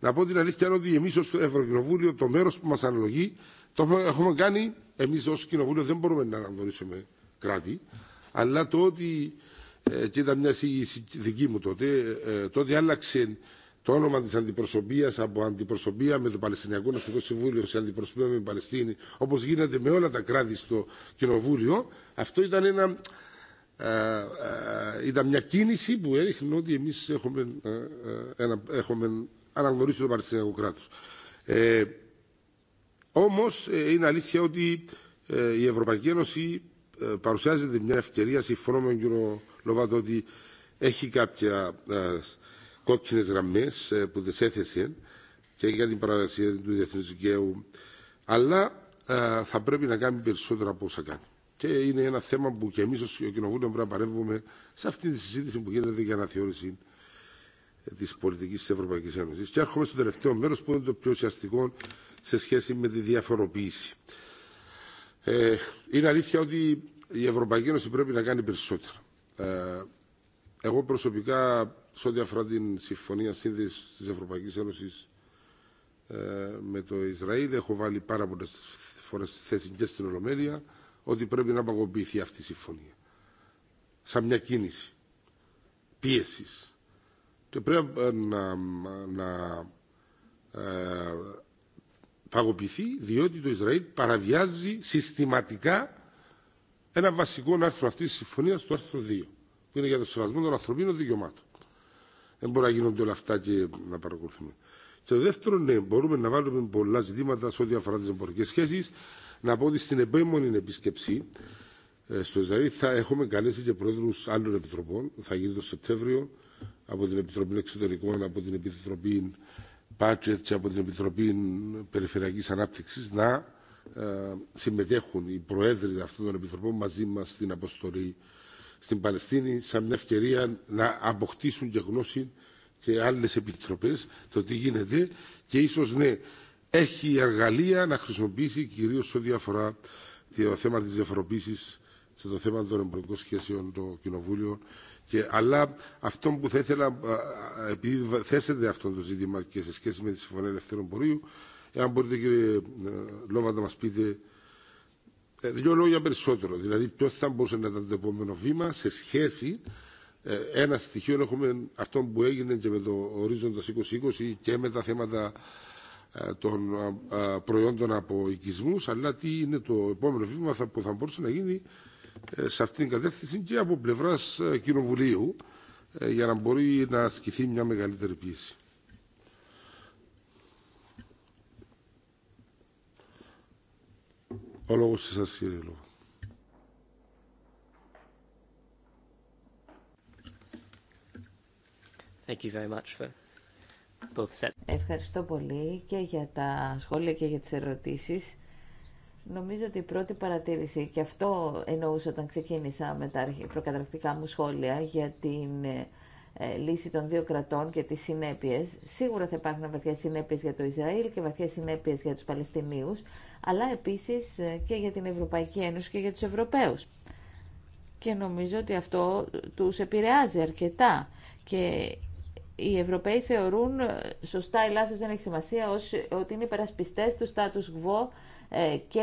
Να πω την αλήθεια ότι εμεί ω Ευρωκοινοβούλιο το μέρο που μα αναλογεί το έχουμε κάνει. Εμεί ω Κοινοβούλιο δεν μπορούμε να αναγνωρίσουμε κράτη, αλλά το ότι. και ήταν μια εισηγήση δική μου τότε, τότε άλλαξε το όνομα τη αντιπροσωπεία από αντιπροσωπεία με το Παλαιστινιακό Ναστικό Συμβούλιο σε αντιπροσωπεία με την Παλαιστίνη, όπω γίνεται με όλα τα κράτη στο Κοινοβούλιο, αυτό ήταν, ένα, ε, ε, ήταν μια κίνηση που έριχνε ότι εμεί έχουμε, ε, έχουμε αναγνωρίσει το Παλαιστινιακό κράτο. Ε, Όμω είναι αλήθεια ότι η Ευρωπαϊκή Ένωση παρουσιάζεται μια ευκαιρία, συμφωνώ με τον κύριο Λοβάτο, ότι έχει κάποια κόκκινε γραμμέ ε, που τι έθεσε και για την παραδοσία του Διεθνού δικαίου. Αλλά ε, θα πρέπει να κάνει περισσότερα από όσα κάνει. Και είναι ένα θέμα που και εμείς ως Κοινοβούλιο πρέπει να παρέμβουμε σε αυτή τη συζήτηση που γίνεται για αναθεώρηση ε, τη πολιτική τη Ευρωπαϊκή Ένωση. Και έρχομαι στο τελευταίο μέρο που είναι το πιο ουσιαστικό σε σχέση με τη διαφοροποίηση. Ε, είναι αλήθεια ότι η Ευρωπαϊκή Ένωση πρέπει να κάνει περισσότερα. Ε, εγώ προσωπικά σε ό,τι αφορά την συμφωνία σύνδεση τη Ευρωπαϊκή Ένωση ε, με το Ισραήλ. Έχω βάλει πάρα πολλέ φορέ θέση και στην Ολομέλεια ότι πρέπει να παγωποιηθεί αυτή η συμφωνία. Σαν μια κίνηση πίεση. Και πρέπει να, ε, να ε, παγωποιηθεί διότι το Ισραήλ παραβιάζει συστηματικά ένα βασικό άρθρο αυτής της συμφωνίας, το άρθρο 2, που είναι για το σεβασμό των ανθρωπίνων δικαιωμάτων. Δεν μπορεί να γίνονται όλα αυτά και να παρακολουθούμε. Και το δεύτερο, ναι, μπορούμε να βάλουμε πολλά ζητήματα σε ό,τι αφορά τι εμπορικέ σχέσει. Να πω ότι στην επέμονη επίσκεψη ε, στο Ισραήλ θα έχουμε καλέσει και πρόεδρου άλλων επιτροπών. Θα γίνει το Σεπτέμβριο από την Επιτροπή Εξωτερικών, από την Επιτροπή Πάτσετ και από την Επιτροπή Περιφερειακή Ανάπτυξη να ε, συμμετέχουν οι προέδροι αυτών των επιτροπών μαζί μα στην αποστολή στην Παλαιστίνη σαν μια ευκαιρία να αποκτήσουν και γνώση και άλλες επιτροπές το τι γίνεται και ίσως ναι έχει εργαλεία να χρησιμοποιήσει κυρίως ό,τι αφορά το θέμα της διαφοροποίησης και το θέμα των εμπορικών σχέσεων το Κοινοβούλιο και, αλλά αυτό που θα ήθελα επειδή θέσετε αυτό το ζήτημα και σε σχέση με τη Συμφωνία Ελευθερών Πορείου εάν μπορείτε κύριε ε, Λόβα να μας πείτε ε, Δύο λόγια περισσότερο. Δηλαδή, ποιο θα μπορούσε να ήταν το επόμενο βήμα σε σχέση. Ε, ένα στοιχείο έχουμε αυτό που έγινε και με το ορίζοντα 2020 και με τα θέματα ε, των προϊόντων από οικισμού, αλλά τι είναι το επόμενο βήμα που θα μπορούσε να γίνει σε αυτήν την κατεύθυνση και από πλευρά Κοινοβουλίου για να μπορεί να ασκηθεί μια μεγαλύτερη πίεση. Ο Ευχαριστώ πολύ και για τα σχόλια και για τις ερωτήσεις. Νομίζω ότι η πρώτη παρατήρηση, και αυτό εννοούσα όταν ξεκίνησα με τα προκαταρκτικά μου σχόλια για την ε, ε, λύση των δύο κρατών και τις συνέπειες. Σίγουρα θα υπάρχουν βαθιές συνέπειες για το Ισραήλ και βαθιές συνέπειες για τους Παλαιστινίους, αλλά επίσης ε, και για την Ευρωπαϊκή Ένωση και για τους Ευρωπαίους. Και νομίζω ότι αυτό τους επηρεάζει αρκετά και οι Ευρωπαίοι θεωρούν, ε, σωστά ή λάθος δεν έχει σημασία, ότι είναι υπερασπιστές του status quo ε, και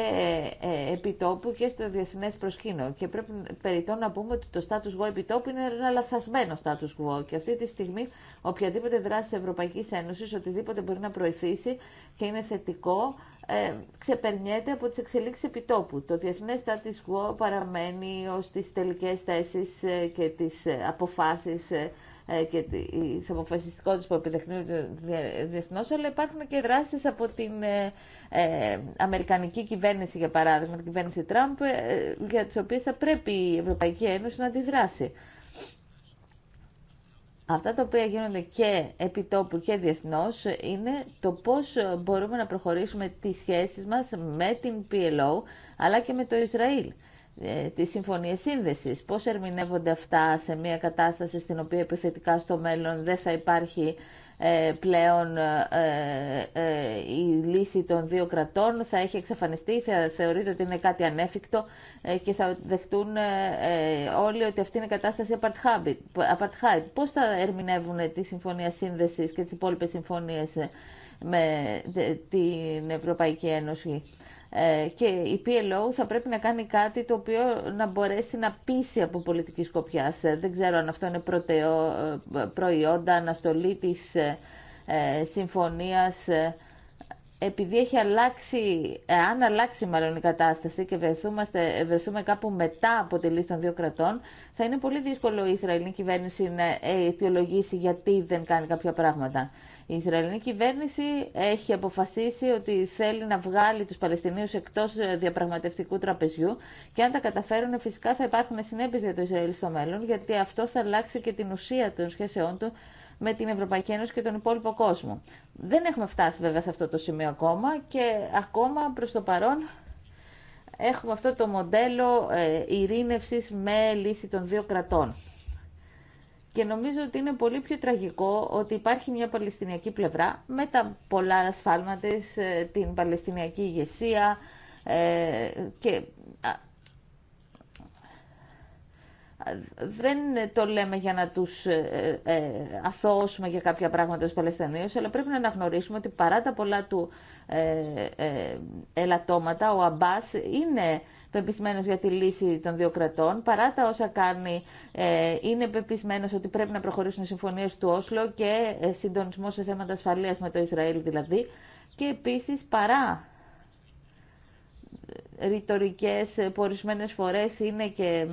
ε, επιτόπου και στο διεθνέ προσκήνιο. Και πρέπει περιττό να πούμε ότι το status quo επιτόπου είναι ένα λαθασμένο status quo και αυτή τη στιγμή οποιαδήποτε δράση τη Ευρωπαϊκή Ένωση οτιδήποτε μπορεί να προηθήσει και είναι θετικό, ε, ξεπερνιέται από τις εξελίξεις επιτόπου. Το διεθνέ status quo παραμένει ω τι τελικέ θέσει ε, και τι αποφάσει. Ε, και τη αποφασιστικότητα που επιδεικνύεται διεθνώ, αλλά υπάρχουν και δράσει από την ε, ε, Αμερικανική κυβέρνηση, για παράδειγμα, την κυβέρνηση Τραμπ, για τι οποίε θα πρέπει η Ευρωπαϊκή Ένωση να αντιδράσει. Αυτά τα οποία γίνονται και επί τόπου και διεθνώ είναι το πώς μπορούμε να προχωρήσουμε τις σχέσεις μα με την PLO αλλά και με το Ισραήλ. Ε, τις συμφωνίες σύνδεσης. Πώς ερμηνεύονται αυτά σε μια κατάσταση στην οποία επιθετικά στο μέλλον δεν θα υπάρχει ε, πλέον ε, η λύση των δύο κρατών, θα έχει εξαφανιστεί, θα θεωρείται ότι είναι κάτι ανέφικτο και θα δεχτούν όλοι ότι αυτή είναι η κατάσταση apartheid. Πώς θα ερμηνεύουν τη συμφωνία σύνδεσης και τις υπόλοιπες συμφωνίες με την Ευρωπαϊκή Ένωση. Ε, και η PLO θα πρέπει να κάνει κάτι το οποίο να μπορέσει να πείσει από πολιτική σκοπιά. Ε, δεν ξέρω αν αυτό είναι ε, προϊόντα αναστολή της συμφωνίας επειδή έχει αλλάξει, αν αλλάξει μάλλον η κατάσταση και βρεθούμε κάπου μετά από τη λύση των δύο κρατών, θα είναι πολύ δύσκολο η Ισραηλινή κυβέρνηση να ε, αιτιολογήσει γιατί δεν κάνει κάποια πράγματα. Η Ισραηλινή κυβέρνηση έχει αποφασίσει ότι θέλει να βγάλει τους Παλαιστινίους εκτός ε, διαπραγματευτικού τραπεζιού και αν τα καταφέρουν φυσικά θα υπάρχουν συνέπειες για το Ισραήλ στο μέλλον γιατί αυτό θα αλλάξει και την ουσία των σχέσεών του με την Ευρωπαϊκή Ένωση και τον υπόλοιπο κόσμο. Δεν έχουμε φτάσει βέβαια σε αυτό το σημείο ακόμα και ακόμα προς το παρόν έχουμε αυτό το μοντέλο ε, ειρήνευσης με λύση των δύο κρατών. Και νομίζω ότι είναι πολύ πιο τραγικό ότι υπάρχει μια Παλαιστινιακή πλευρά με τα πολλά ασφάλματα, ε, την Παλαιστινιακή ηγεσία ε, και δεν το λέμε για να τους ε, ε αθώσουμε για κάποια πράγματα στους Παλαιστινίους, αλλά πρέπει να αναγνωρίσουμε ότι παρά τα πολλά του ε, ε, ελαττώματα, ο Αμπάς είναι πεπισμένος για τη λύση των δύο κρατών, παρά τα όσα κάνει ε, είναι πεπισμένος ότι πρέπει να προχωρήσουν οι συμφωνίες του Όσλο και συντονισμό σε θέματα ασφαλείας με το Ισραήλ δηλαδή, και επίσης παρά ρητορικές που φορές είναι και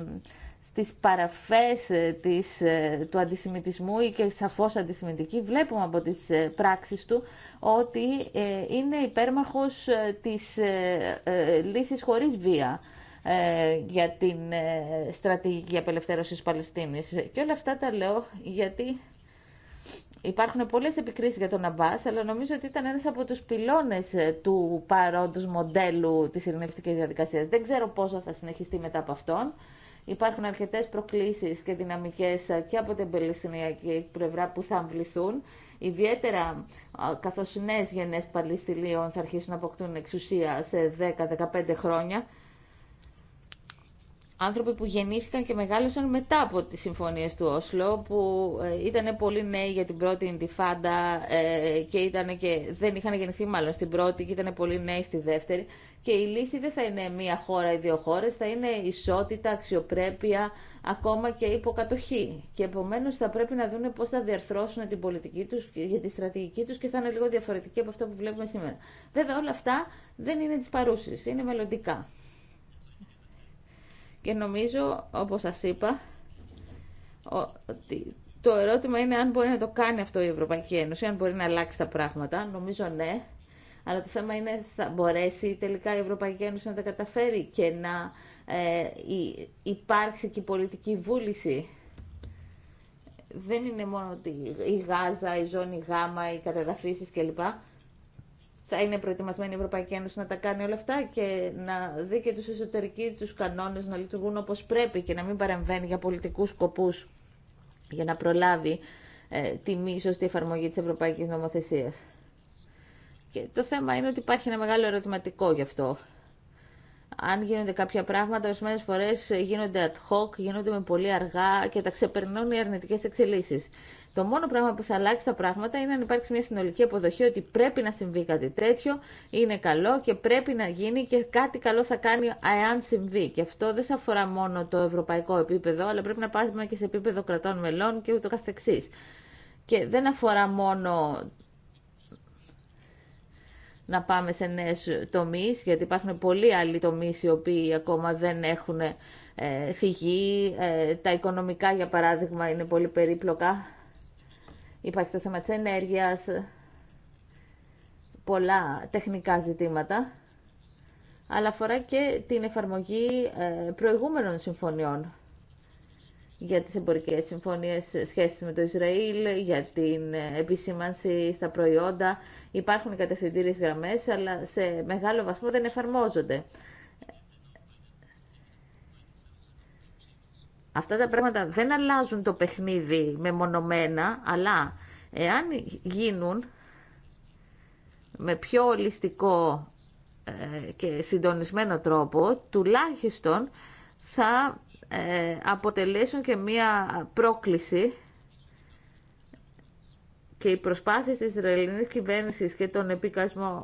τις παραφές ε, της, ε, του αντισημιτισμού ή και σαφώς αντισημιτική, βλέπουμε από τις ε, πράξεις του ότι είναι υπέρμαχος της λύσης χωρίς βία για την στρατηγική απελευθέρωση απελευθέρωσης Παλαιστίνης. Και όλα αυτά τα λέω γιατί Υπάρχουν πολλές επικρίσεις για τον Αμπάς, αλλά νομίζω ότι ήταν ένας από τους πυλώνες του παρόντος μοντέλου της ειρηνευτικής διαδικασίας. Δεν ξέρω πόσο θα συνεχιστεί μετά από αυτόν. Υπάρχουν αρκετές προκλήσεις και δυναμικές ε, και από την Παλαιστινιακή πλευρά που θα αμβληθούν. Ιδιαίτερα ε, καθώς οι νέες γενές Παλαιστινίων θα αρχίσουν να αποκτούν εξουσία σε 10-15 χρόνια άνθρωποι που γεννήθηκαν και μεγάλωσαν μετά από τις συμφωνίες του Όσλο, που ε, ήταν πολύ νέοι για την πρώτη Ιντιφάντα ε, και, και δεν είχαν γεννηθεί μάλλον στην πρώτη και ήταν πολύ νέοι στη δεύτερη. Και η λύση δεν θα είναι μία χώρα ή δύο χώρες, θα είναι ισότητα, αξιοπρέπεια, ακόμα και υποκατοχή. Και επομένως θα πρέπει να δουν πώς θα διαρθρώσουν την πολιτική τους για τη στρατηγική τους και θα είναι λίγο διαφορετική από αυτό που βλέπουμε σήμερα. Βέβαια όλα αυτά δεν είναι τις παρούσεις, είναι μελλοντικά. Και νομίζω, όπως σας είπα, ότι το ερώτημα είναι αν μπορεί να το κάνει αυτό η Ευρωπαϊκή Ένωση, αν μπορεί να αλλάξει τα πράγματα. Νομίζω ναι, αλλά το θέμα είναι θα μπορέσει τελικά η Ευρωπαϊκή Ένωση να τα καταφέρει και να ε, υπάρξει και η πολιτική βούληση. Δεν είναι μόνο ότι η Γάζα, η ζώνη Γάμα, οι κατεδαφίσεις κλπ θα είναι προετοιμασμένη η Ευρωπαϊκή Ένωση να τα κάνει όλα αυτά και να δει και τους εσωτερικούς τους κανόνες να λειτουργούν όπως πρέπει και να μην παρεμβαίνει για πολιτικούς σκοπού για να προλάβει ε, τη μη σωστή εφαρμογή της Ευρωπαϊκής Νομοθεσίας. Και το θέμα είναι ότι υπάρχει ένα μεγάλο ερωτηματικό γι' αυτό. Αν γίνονται κάποια πράγματα, ορισμένε φορέ γίνονται ad hoc, γίνονται με πολύ αργά και τα ξεπερνούν οι αρνητικέ εξελίξει. Το μόνο πράγμα που θα αλλάξει τα πράγματα είναι αν υπάρξει μια συνολική αποδοχή ότι πρέπει να συμβεί κάτι τέτοιο, είναι καλό και πρέπει να γίνει και κάτι καλό θα κάνει εάν συμβεί. Και αυτό δεν θα αφορά μόνο το ευρωπαϊκό επίπεδο, αλλά πρέπει να πάμε και σε επίπεδο κρατών μελών και ούτω καθεξής. Και δεν αφορά μόνο να πάμε σε νέες τομεί, γιατί υπάρχουν πολλοί άλλοι τομεί οι οποίοι ακόμα δεν έχουν ε, φυγεί. Ε, τα οικονομικά, για παράδειγμα, είναι πολύ περίπλοκα Υπάρχει το θέμα της ενέργειας, πολλά τεχνικά ζητήματα, αλλά αφορά και την εφαρμογή ε, προηγούμενων συμφωνιών για τις εμπορικές συμφωνίες ε, σχέσεις με το Ισραήλ, για την ε, επισήμανση στα προϊόντα. Υπάρχουν οι κατευθυντήριες γραμμές, αλλά σε μεγάλο βαθμό δεν εφαρμόζονται. Αυτά τα πράγματα δεν αλλάζουν το παιχνίδι μεμονωμένα, αλλά εάν γίνουν με πιο ολιστικό ε, και συντονισμένο τρόπο, τουλάχιστον θα ε, αποτελέσουν και μία πρόκληση και οι προσπάθειες της Ισραηλινής κυβέρνησης και των επικασμών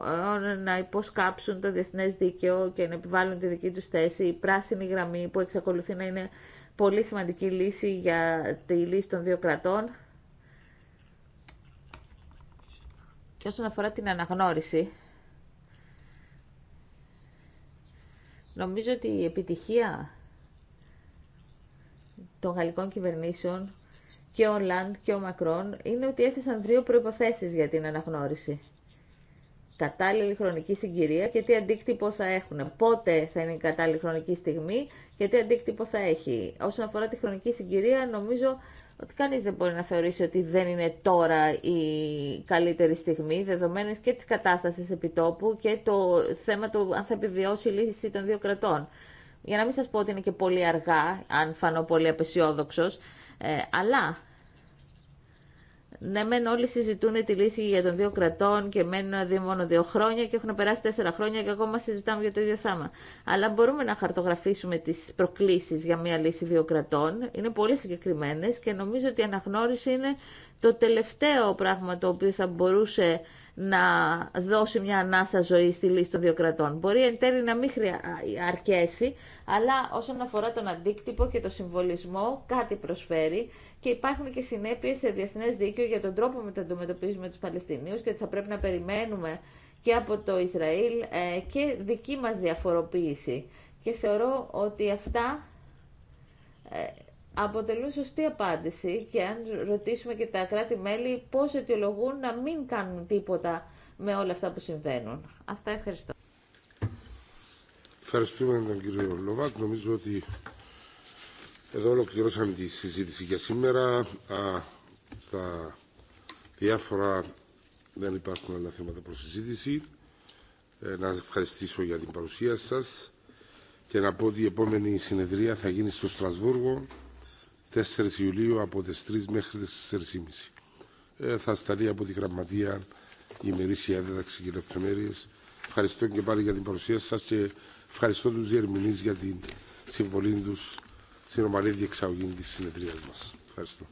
να υποσκάψουν το διεθνές δίκαιο και να επιβάλλουν τη δική τους θέση, η πράσινη γραμμή που εξακολουθεί να είναι πολύ σημαντική λύση για τη λύση των δύο κρατών. Και όσον αφορά την αναγνώριση, νομίζω ότι η επιτυχία των γαλλικών κυβερνήσεων και ο Λαντ και ο Μακρόν είναι ότι έθεσαν δύο προϋποθέσεις για την αναγνώριση. Κατάλληλη χρονική συγκυρία και τι αντίκτυπο θα έχουν. Πότε θα είναι η κατάλληλη χρονική στιγμή και τι αντίκτυπο θα έχει. Όσον αφορά τη χρονική συγκυρία, νομίζω ότι κανείς δεν μπορεί να θεωρήσει ότι δεν είναι τώρα η καλύτερη στιγμή, δεδομένες και της κατάστασης επιτόπου και το θέμα του αν θα επιβιώσει η λύση των δύο κρατών. Για να μην σας πω ότι είναι και πολύ αργά, αν φανώ πολύ απεσιόδοξος, ε, αλλά ναι, μεν όλοι συζητούν τη λύση για τον δύο κρατών και μένουν μόνο δύο χρόνια και έχουν περάσει τέσσερα χρόνια και ακόμα συζητάμε για το ίδιο θέμα. Αλλά μπορούμε να χαρτογραφήσουμε τι προκλήσει για μια λύση δύο κρατών. Είναι πολύ συγκεκριμένε και νομίζω ότι η αναγνώριση είναι το τελευταίο πράγμα το οποίο θα μπορούσε να δώσει μια ανάσα ζωή στη λύση των δύο κρατών. Μπορεί εν τέλει να μην χρεια... αρκέσει, αλλά όσον αφορά τον αντίκτυπο και το συμβολισμό, κάτι προσφέρει και υπάρχουν και συνέπειες σε διεθνέ δίκαιο για τον τρόπο με τον αντιμετωπίζουμε του Παλαιστινίου και ότι θα πρέπει να περιμένουμε και από το Ισραήλ ε, και δική μας διαφοροποίηση. Και θεωρώ ότι αυτά ε, αποτελούν σωστή απάντηση και αν ρωτήσουμε και τα κράτη-μέλη πώς αιτιολογούν να μην κάνουν τίποτα με όλα αυτά που συμβαίνουν. Αυτά ευχαριστώ. Ευχαριστούμε τον κύριο Λοβάκ. Νομίζω ότι εδώ ολοκληρώσαμε τη συζήτηση για σήμερα. Α, στα διάφορα δεν υπάρχουν άλλα θέματα προς συζήτηση. Ε, να σας ευχαριστήσω για την παρουσία σας και να πω ότι η επόμενη συνεδρία θα γίνει στο Στρασβούργο 4 Ιουλίου από τις 3 μέχρι τις 4.30. Ε, θα σταλεί από τη Γραμματεία η ημερήσια δίδαξη και λεπτομέρειε. Ευχαριστώ και πάλι για την παρουσία σας και ευχαριστώ τους διερμηνείς για την συμβολή τους στην ομαλή διεξαγωγή της συνεδρίας μας. Ευχαριστώ.